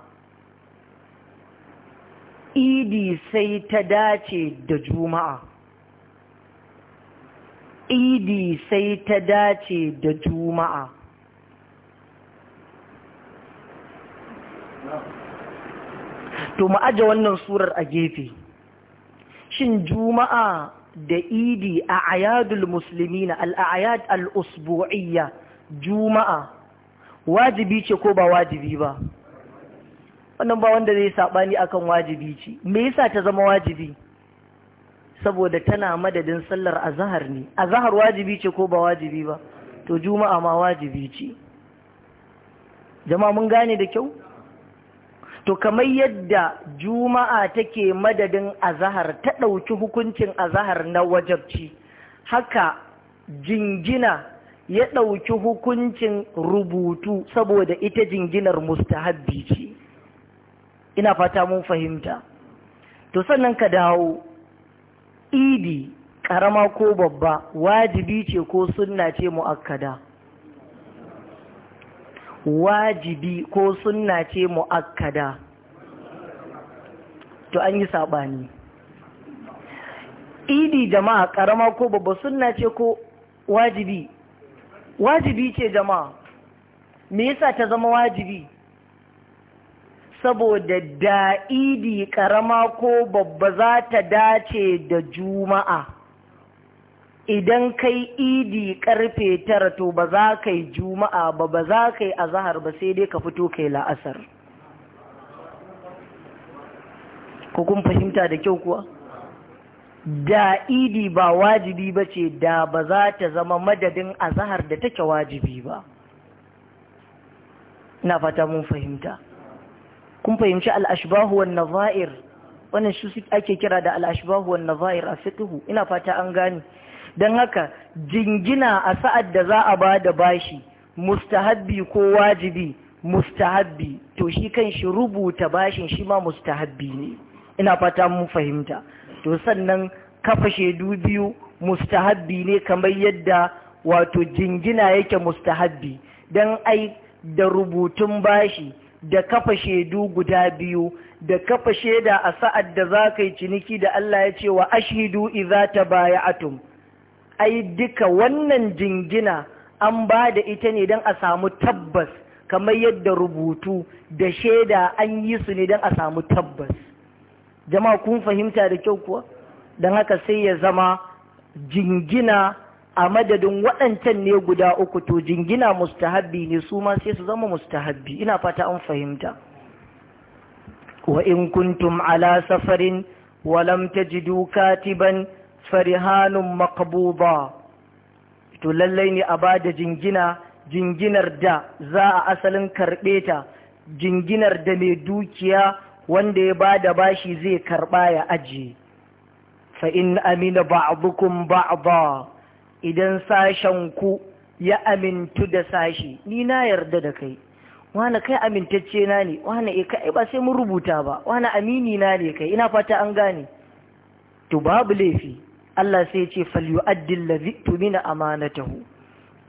idi sai ta dace da juma'a idi sai ta dace da juma'a to mu aje wannan surar a gefe shin juma'a da idi a ayadul musulmi na al'ayad al'usbu'iyya juma'a wajibi ce ko ba wajibi ba wannan ba wanda zai saɓani akan wajibi ce me yasa ta zama wajibi saboda tana madadin sallar azahar ne azahar wajibi ce ko ba wajibi ba to juma'a ma wajibi ce jama'a mun gane da kyau to kamar yadda juma'a take madadin azahar ta ɗauki hukuncin azahar na wajabci haka jingina ya ɗauki hukuncin rubutu saboda ita jinginar mustahabbi ce ina fata mun fahimta to sannan ka dawo idi ƙarama ko babba wajibi ce ko sunna ce mu'akkada wajibi ko sunna ce mu'akkada to an yi saɓani idi jama'a ƙarama ko babba sunna ce ko wajibi wajibi ce jama'a me yasa ta zama wajibi saboda da'idi karama ko babba za ta dace da juma'a idan kai idi karfe tara to ba za ka yi juma'a ba ba za ka yi azahar ba sai dai ka fito kai la'asar ko kun fahimta da kyau kuwa Da'idi ba wajibi ba ce da ba za ta zama madadin azahar da take wajibi ba na fata mun fahimta kun fahimci al'ashbahu wa nazair wannan shi ake kira da al'ashbahu wa nazair a fiqhu ina fata an gane dan haka jingina a sa'ad da za a ba da bashi mustahabbi ko wajibi mustahabbi to shi kan shi rubuta bashin shi ma mustahabbi ne ina fata mun fahimta to sannan kafa shaidu biyu mustahabbi ne kamar yadda wato jingina yake mustahabbi don ai da rubutun bashi da kafa shaidu guda biyu da kafa shaida a sa'ad da za ka yi ciniki da Allah ya ce wa ashidu iza ta baya atum ai duka wannan jingina an ba da ita ne don a samu tabbas kamar yadda rubutu da shaida an yi su ne don a samu tabbas jama'a kun fahimta da kyau kuwa don haka sai ya zama jingina a madadin waɗancan ne guda uku to jingina mustahabbi ne su ma sai su zama mustahabbi ina fata an fahimta wa in kuntum ala safarin wa lam tajidu katiban farihanun maqbuba to lallai ne a bada jingina jinginar da za a asalin karɓe ta jinginar da mai dukiya wanda ya bada bashi zai karɓa ya ajiye fa in amina ba'dukum ba'da idan sashen ku ya amintu da sashi ni na yarda da kai wani kai amintacce na ne wani eh, kai ba sai mun rubuta ba wani amini na ne kai ina fata an gane to babu laifi Allah sai ya ce falyu'addi allazi tumina amanatahu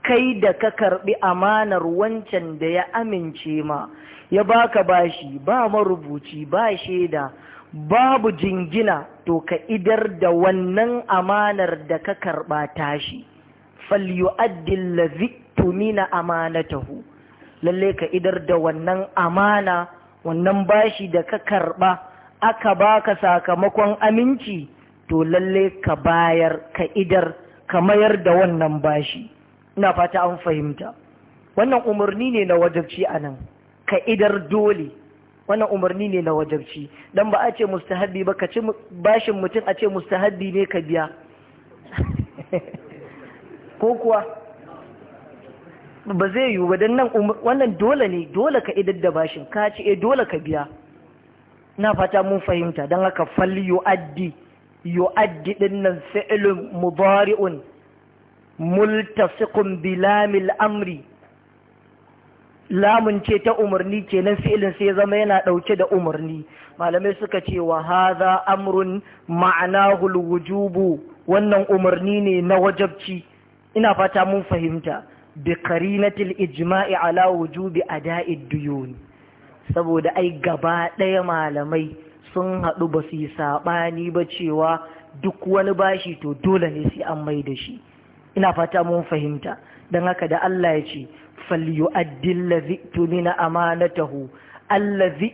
kai da ka karbi amanar wancan da ya amince ma ya baka bashi ba marubuci ba shaida babu jingina to ka idar da wannan amanar da ka karɓa tashi falyu'addil ladhi tumina amanatahu lalle ka idar da wannan amana wannan bashi da ka karɓa aka baka sakamakon aminci to lalle ka bayar ka idar ka mayar da wannan bashi ina fata an fahimta wannan umarni ne na wajabci anan ka idar dole wannan umarni ne na wajabci dan ba a ce mustahabbi ba ka ci bashin mutum a ce mustahabbi ne ka biya ko kuwa ba zai yiwu ba dan nan um-, wannan dole ne dole ka idar da bashin ka ci eh dole ka biya na fata mun fahimta dan haka fal yu'addi yu'addi din nan fi'lun mudari'un multasiqun bilamil amri lamun ce ta umarni kenan fi'ilin sai zama yana ɗauke da umarni malamai suka ce wa haza amrun ma'anahu wujubu wannan umarni ne na wajabci ina fata mun fahimta bi karinatil ijma'i ala wujubi ada'i duyun saboda ai gaba ɗaya malamai sun haɗu ba su yi saɓani ba cewa duk wani bashi to dole ne sai an mai da shi ina fata mun fahimta don haka da Allah ya ce falyu'addi allazi tumina amanatahu allazi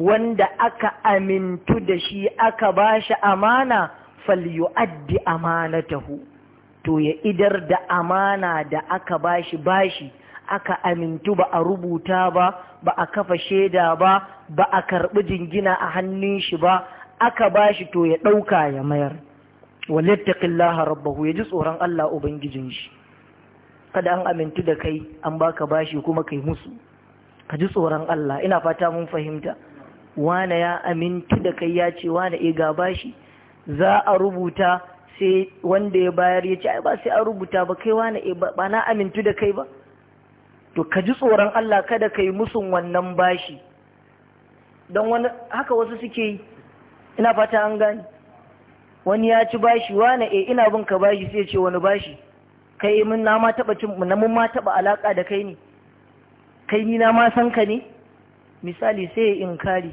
wanda aka amintu da shi aka ba shi amana falyu'addi amanatahu to ya idar da amana da aka bashi bashi aka amintu ba a rubuta ba ba a kafa shaida ba ba a karɓi jingina a hannun shi ba aka bashi to ya ɗauka ya mayar walittaqillaha rabbahu ya ji tsoron Allah ubangijin shi kada an amintu da kai an baka bashi kuma kai musu ka ji tsoron Allah ina fata mun fahimta wane ya amintu da kai ya ce wane e ga bashi za a rubuta sai wanda ya bayar ya ce ai ba sai a rubuta ba kai wane e ba na amintu da kai ba to ka ji tsoron Allah kada kai musun wannan bashi don wani haka wasu suke yi ina fata an gani. wani ya ci bashi wane e ina bin ka bashi sai ce wani bashi kai mun na ma taba cin na mun ma taba alaka da kai ne kai ni na ma san ka ne misali sai ya inkari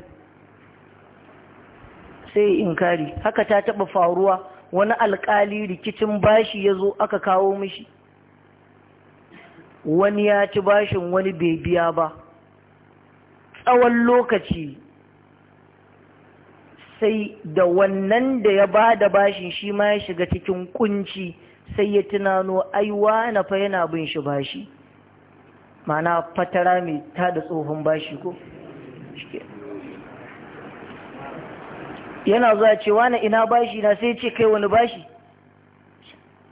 sai ya inkari haka ta taba faruwa wani alƙali rikicin bashi ya zo aka kawo mishi wani ya ci bashin wani bai biya ba tsawon lokaci sai da wannan da ya ba da bashin shi ma ya shiga cikin kunci sai ya tunano ai na fa yana bin shi bashi mana fatara mai ta da tsohon bashi ko yana zuwa ce wane ina bashi na sai ce kai wani bashi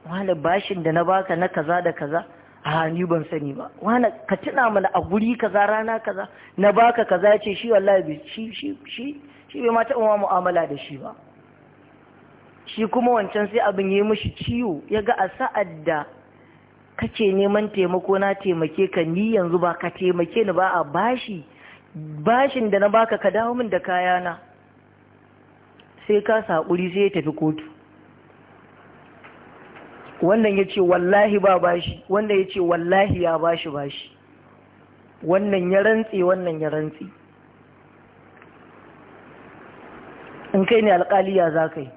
wane bashin da na baka na kaza da kaza a hannu ban sani ba wane ka tuna mana a guri kaza rana kaza na baka kaza ce shi wallahi shi shi shi shi bai mata taɓa mu'amala da shi ba shi kuma wancan sai abin yi mishi ciwo ya ga a sa'ad da kace neman taimako na taimake ka ni yanzu ba ka taimake ni ba a bashi bashin da na baka ka dawo min da kayana sai ka saƙuri sai ya tafi kotu wannan ya ce wallahi ba bashi wannan ya ce wallahi ya bashi bashi wannan ya rantse wannan ya rantse in kai ne alƙaliya za ka yi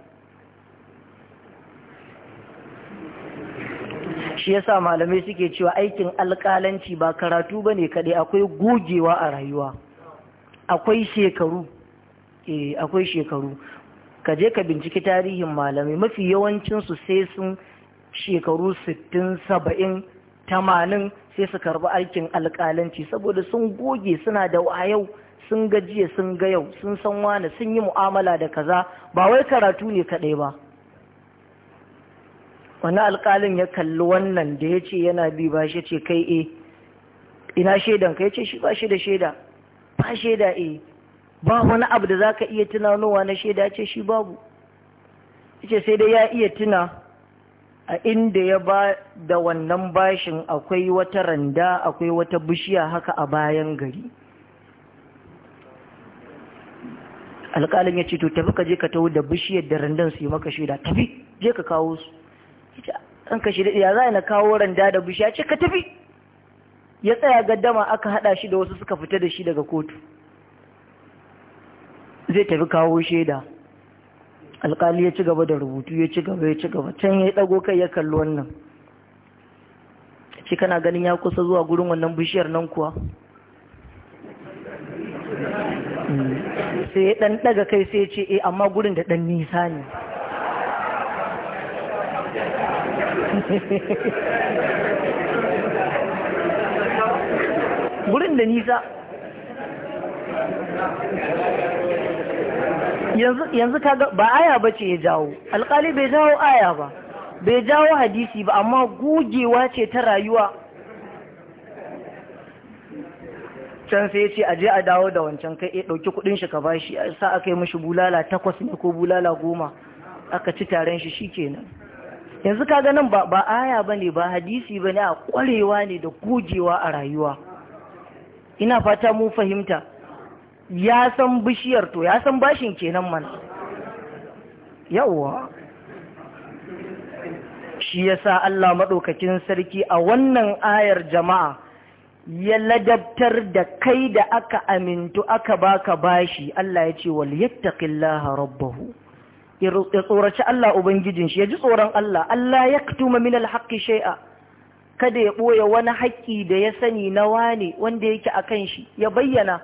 shi yasa malamai suke cewa aikin alƙalanci ba karatu ba ne kaɗai akwai gogewa a rayuwa akwai shekaru eh akwai shekaru ka je ka binciki tarihin malamai mafi yawancinsu sai sun shekaru sittin saba'in tamanin sai su karbi aikin alƙalanci saboda sun goge suna da wayau sun gajiya sun ga yau sun san wani sun yi mu'amala da kaza ba wai karatu ne kaɗai ba wani alƙalin ya kalli wannan da ya ce yana bi ba shi ce kai e ina shaidan ka ya ce shi ba shi da shaida ba shaida e ba wani abu da za ka iya tunanowa na shaida ce shi babu ya ce sai dai ya iya tuna a inda ya ba da wannan bashin akwai wata randa akwai wata bishiya haka a bayan gari alƙalin ya ce to tafi ka je ka taho da bishiyar da randan su yi maka shaida tafi je ka kawo su an ka shi ya za na kawo randa da Ya ce ka tafi ya tsaya gaddama aka haɗa shi da wasu suka fita da shi daga kotu zai tafi kawo shaida alƙali ya ci gaba da rubutu ya ci gaba ya ci gaba can ya ɗago kai ya kalli wannan shi kana ganin ya kusa zuwa gurin wannan bishiyar nan kuwa hmm. sai ya ɗan ɗaga kai sai ya ce eh amma gurin da ɗan nisa ne gurin da nisa yanzu kaga ba aya ba ce ya jawo alkali bai jawo aya ba bai jawo hadisi ba amma gugewa ce ta rayuwa can sai ce aje a dawo da wancan kai ya ɗauki kuɗin shi ka bashi sa aka yi mashi bulala takwas ne ko bulala goma aka ci taron shi shi kenan. yanzu kaga nan ba aya bane ba hadisi bane a kwarewa ne da gujewa a rayuwa ina fata mu fahimta ya san bishiyar to ya san bashin kenan mana yawa shi yasa Allah maɗaukakin sarki a wannan ayar jama'a ya ladabtar da kai da aka amintu aka baka bashi Allah ya ce wal yattaqillaha rabbahu ya tsoraci Allah ubangijin shi ya ji tsoron Allah Allah ya kutuma min alhaqqi shay'a kada ya ɓoye wani haƙƙi da ya sani na wane wanda yake a kan shi ya bayyana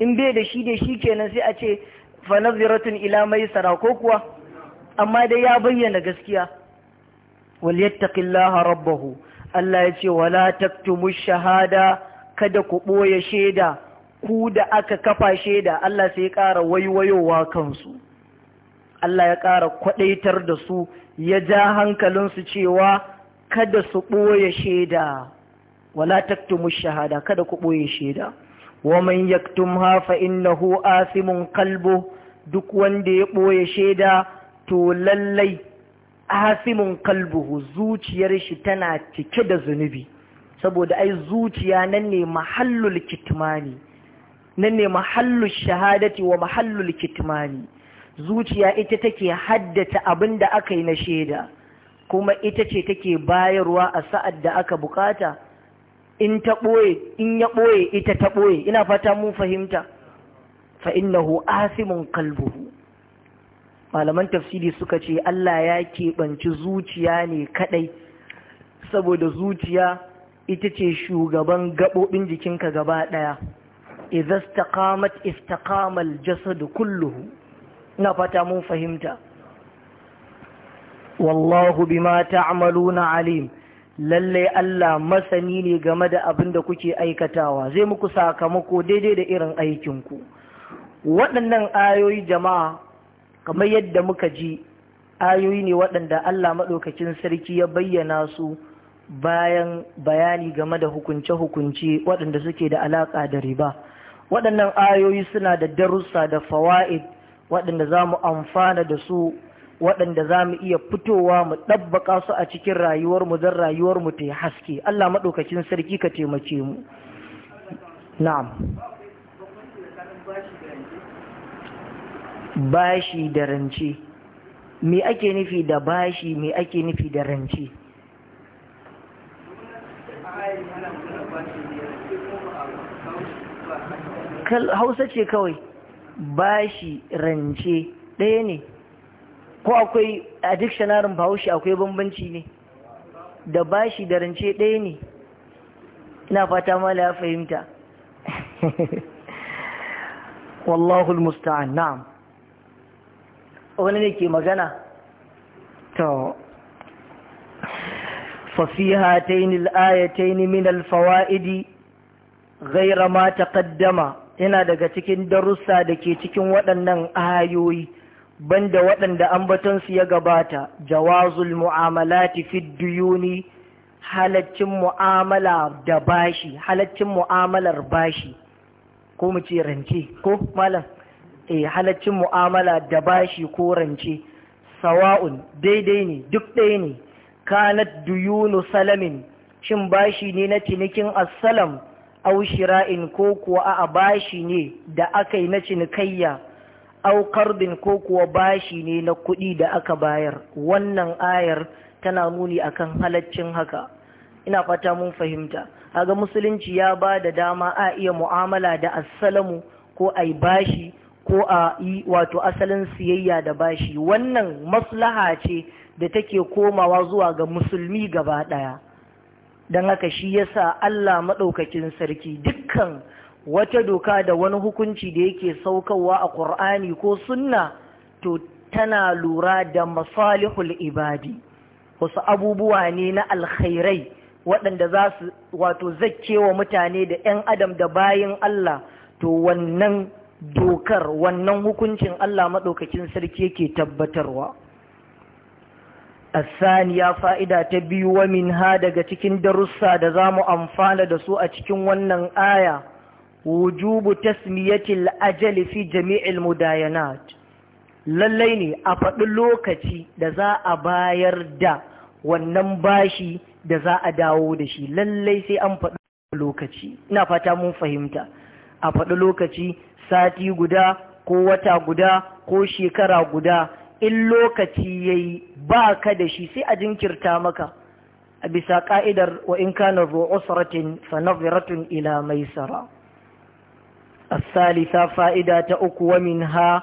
in bai da shi da shi kenan sai a ce fa naziratun ila maisara ko kuwa amma dai ya bayyana gaskiya wal yattaqillaha rabbahu Allah ya ce wala taktumu shahada kada ku ɓoye shaida ku da aka kafa shaida Allah sai ya ƙara waiwayowa kansu Allah ya ƙara kwaɗaitar da su ya ja hankalinsu cewa kada su ɓoye shaida wala taktumu shahada kada ku ɓoye shaida waman man yaktumha fa innahu asimun kalbo duk wanda ya ɓoye shaida to lallai asimun kalbuhu zuciyar shi tana cike da zunubi saboda ai zuciya nan ne mahallul kitmani nan ne mahallul shahadati wa mahallul kitmani zuciya ita take haddace abin da aka yi na shaida kuma ita ce take bayarwa a sa'ad da aka bukata in ta ɓoye in ya ɓoye ita ta ɓoye ina fata mun fahimta fa innahu asimun kalbuhu malaman tafsiri suka ce Allah ya keɓanci zuciya ne kaɗai saboda zuciya ita ce shugaban gaɓoɓin jikinka gaba ɗaya idza istaqamat istaqamal jasadu kulluhu ina fata mun fahimta wallahu bima ta'maluna alim lalle Allah masani ne game da abin da kuke aikatawa zai muku sakamako daidai da irin aikinku waɗannan ayoyi jama'a kamar yadda muka ji ayoyi ne waɗanda Allah maɗaukacin sarki ya bayyana su bayan bayani game da hukunce-hukunce waɗanda suke da alaƙa da riba waɗannan ayoyi suna da darussa da fawa'id waɗanda za mu amfana da su waɗanda za mu iya fitowa mu ɗabbaka su a cikin rayuwarmu don rayuwarmu ta haske Allah maɗaukacin sarki ka taimake mu na'am bashi da rance me ake nufi da bashi me ake nufi da rance hausa ce kawai bashi rance ɗaya ne ko akwai a dictionarin bahaushe akwai bambanci ne da bashi da rance ɗaya ne ina fata mala ya fahimta wallahu musta'an na'am wani ne ke magana to ففي هاتين الآيتين من الفوائد غير ما تقدم yana daga cikin darussa da ke cikin waɗannan ayoyi banda waɗanda ambatonsu ya gabata jawazul mu'amalati fid duyuni halaccin mu'amala da bashi halaccin mu'amalar bashi ko mu ce rance ko malam eh halaccin mu'amala da bashi ko rance sawa'un daidai ne duk ɗaya ne kanat duyunu salamin shin bashi ne na cinikin assalam aushira'in shira'in ko kuwa a bashi ne da aka yi na cinikayya aukarbin ko kuwa bashi ne na kuɗi da aka bayar wannan ayar tana nuni akan halaccin haka ina fata mun fahimta kaga musulunci ya ba da dama a iya mu'amala da assalamu ko a bashi ko a yi wato asalin siyayya da bashi wannan maslaha ce da take komawa zuwa ga musulmi gaba ɗaya don haka shi yasa Allah maɗaukakin sarki dukkan wata doka da wani hukunci da yake saukarwa a ƙur'ani ko sunna to tana lura da masalihul ibadi wasu abubuwa ne na alkhairai waɗanda za su wato zakkewa mutane da 'yan adam da bayin Allah to wannan dokar wannan hukuncin Allah maɗaukakin sarki yake tabbatarwa الثانيه fa'ida ta biyu wa minha daga cikin darussa da zamu amfana da su a cikin wannan aya wujubu tasmiyatil ajali fi jami'il mudayanat ne a faɗi lokaci da za a bayar da wannan bashi da za a dawo da shi lallai sai an faɗi lokaci ina fata mun fahimta a faɗi lokaci sati guda ko wata guda ko shekara guda in lokaci yi ba ka da shi sai a jinkirta maka a bisa ƙa'idar wa in kana Ina usratin fa nadhiratun ila ta uku wa min ha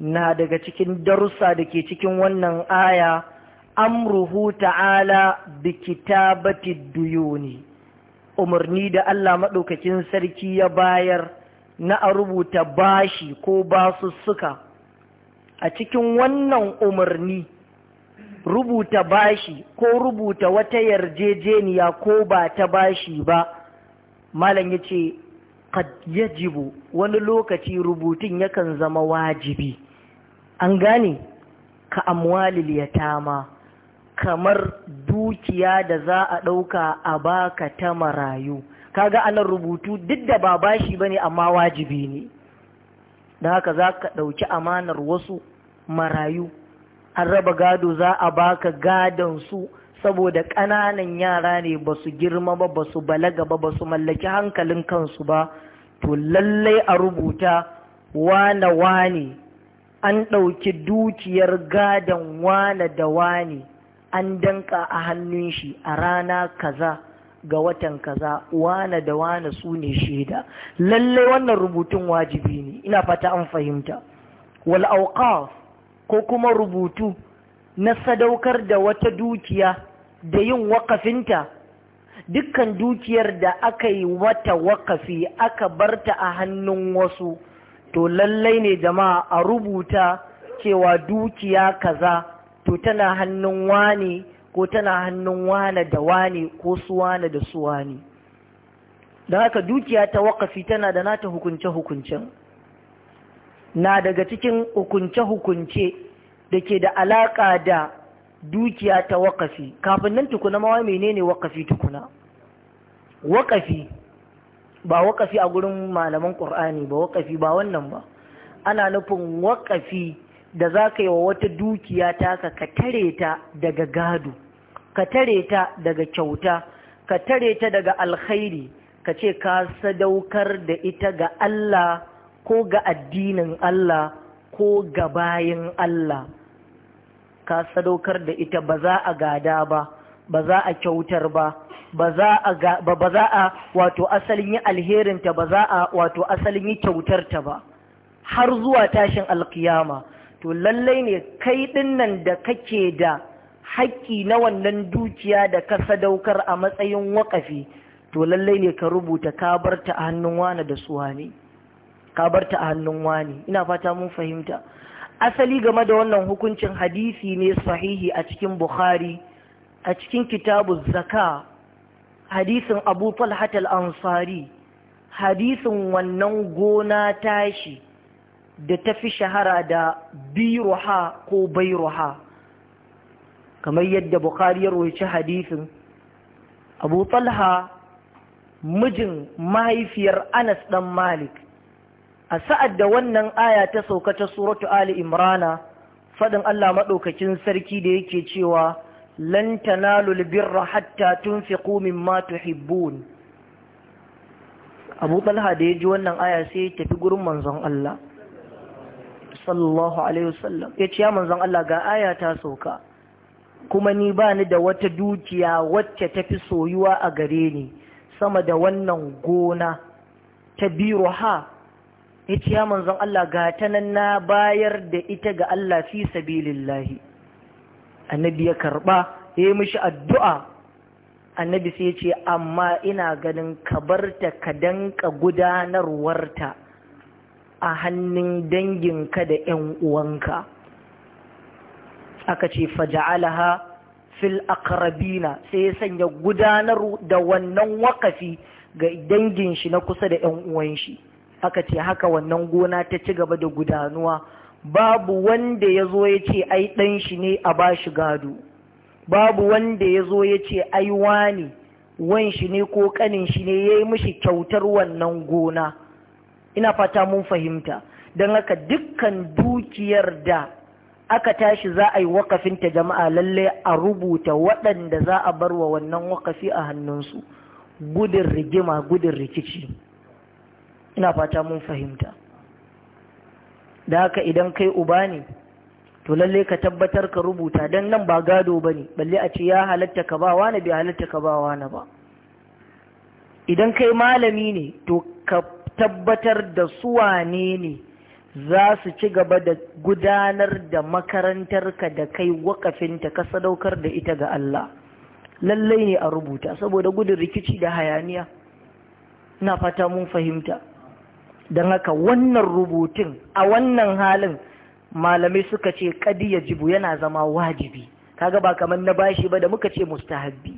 na daga cikin darussa da ke cikin wannan aya amruhu ta'ala bi kitabati duyuni umarni da Allah maɗaukakin sarki ya bayar na a rubuta bashi ko basussuka a cikin wannan umarni rubuta bashi ko rubuta wata yarjejeniya ko ba ta bashi ba malam ya ce yajibu wani lokaci rubutun yakan zama wajibi an gane ka amwalil yatama kamar dukiya da za a ɗauka a baka ta marayu kaga anan rubutu duk da ba bashi bane amma wajibi ne da haka za ka ɗauki amanar wasu marayu an raba gado za a baka gadon su saboda ƙananan yara ne ba su girma ba ba su balaga ba ba su mallaki hankalin kansu ba to lallai a rubuta wane wane an ɗauki dukiyar gadon wane da wane an danka a hannun shi a rana kaza ga watan kaza wane da wane su ne shaida lallai wannan rubutun wajibi ne ina fata an fahimta wal ko kuma rubutu na sadaukar da wata dukiya da yin wakafinta dukkan dukiyar da aka yi wata wakafi aka barta a hannun wasu to lallai ne jama'a a rubuta cewa dukiya kaza to tana hannun wani ko tana hannun wane da wane ko su wane da su wane don haka dukiya ta wakafi tana da nata hukunce-hukuncen na daga cikin hukunce-hukunce da ke da alaƙa da dukiya ta waƙafi kafin nan tukuna mawa menene waƙafi tukuna waƙafi ba waƙafi a gurin malaman ƙur'ani ba waƙafi ba wannan ba ana nufin waƙafi da za ka yi wa wata dukiya taka ka tare ta daga gado ka tare ta daga kyauta ka tare ta daga alkhairi ka ce ka sadaukar da ita ga Allah ko ga addinin Allah ko ga bayin Allah ka sadaukar da ita ba za a gada ba ba za a kyautar ba ba za a wato asalin yi alherinta ba za a wato asalin yi kyautarta ba har zuwa tashin alkiyama to lallai ne kai dinnan da kake da haƙƙi na wannan dukiya da ka sadaukar a matsayin waƙafi to lallai ne ka rubuta ka barta a hannun wane da suwa ne ka bar ta a hannun wani ina fata mun fahimta asali game da wannan hukuncin hadisi ne sahihi a cikin bukhari a cikin kitabu zaka hadisin abu falhatal ansari hadisin wannan gona tashi da ta fi shahara da biruha ko bairuha kamar yadda Bukhari ya roci hadisin abu talha mijin mahaifiyar anas dan malik a sa'ad da wannan aya ta sauka ta suratu ali imrana faɗin Allah maɗaukacin sarki da yake cewa lan tanalul birra hatta ƙumin matu hibbun." Abu Talha da ya ji wannan aya sai ya tafi gurin manzon Allah sallallahu alaihi wasallam ya ce ya manzon Allah ga aya ta sauka kuma ni ba ni da wata dukiya wacce ta fi soyuwa a gare ni sama da wannan gona ta biro ha! ya ce ya manzon Allah ga ta nan na bayar da ita ga Allah fi sabilillahi annabi ya karɓa, ya yi mishi addu'a annabi sai ya ce amma ina ganin ka barta ka danka gudanarwarta a hannun danginka da ‘yan uwanka aka ce faja'alaha fil akarabina sai ya sanya gudanar da wannan wakafi ga dangin shi na kusa da ‘yan uwan shi’ aka ce haka wannan gona ta ci gaba da gudanuwa babu wanda ya zo ya ce ai ɗan shi ne a ba shi gado babu wanda ya zo ya ce ai wani wan shi ne ko ƙanin shi ne ya yi mishi kyautar wannan gona ina fata mun fahimta don haka dukkan dukiyar da aka tashi za a yi wakafinta jama'a lallai a rubuta waɗanda za a bar wa wannan wakafi a hannunsu gudun rigima gudun rikici ina fata mun fahimta da haka idan kai uba ne to lalle ka tabbatar ka rubuta don nan ba gado ba ne balle a ce ya halatta ka ba wani bai halatta ka ba wani ba idan kai malami ne to ka tabbatar da suwane ne za su ci gaba da gudanar da makarantarka da kai wakafinta ka sadaukar da ita ga Allah lallai ne a rubuta saboda gudun rikici da hayaniya na fata mun fahimta don haka wannan rubutun a wannan halin malamai suka ce kadiya jibu yana zama wajibi kaga ba kamar na bashi ba da muka ce mustahabbi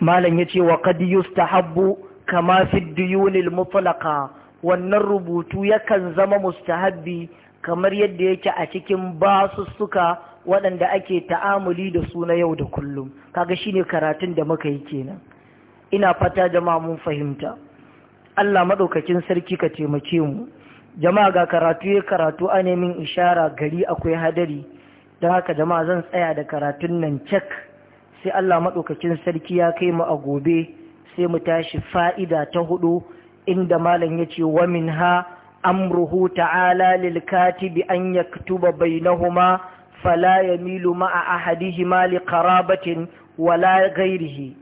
malam ya ce wa qad yustahabbu kama fi duyunil mutlaqa wannan rubutu yakan zama mustahabbi kamar yadda yake a cikin basussuka waɗanda ake ta'amuli da su na yau da kullum kaga shine karatun da muka yi kenan ina fata jama'a mun fahimta Allah maɗaukakin sarki ka taimake mu jama'a ga karatu ya karatu a nemin ishara gari akwai hadari don haka jama'a zan tsaya da karatun nan cek sai Allah maɗaukakin sarki ya kai mu a gobe sai mu tashi fa'ida ta hudu inda malam ya ce wa min ha amruhu ta'ala lil katibi an yaktuba bainahuma fala yamilu ma'a ahadihima li qarabatin wala ghairihi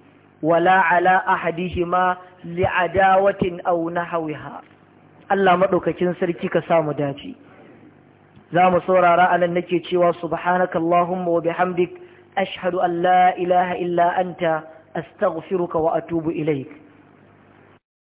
wala ala ahadihima li'adawatin aw nahwiha Allah madaukakin sarki ka samu dace zamu saurara anan nake cewa subhanakallahumma wa bihamdik ashhadu an la ilaha illa anta astaghfiruka wa atubu ilaik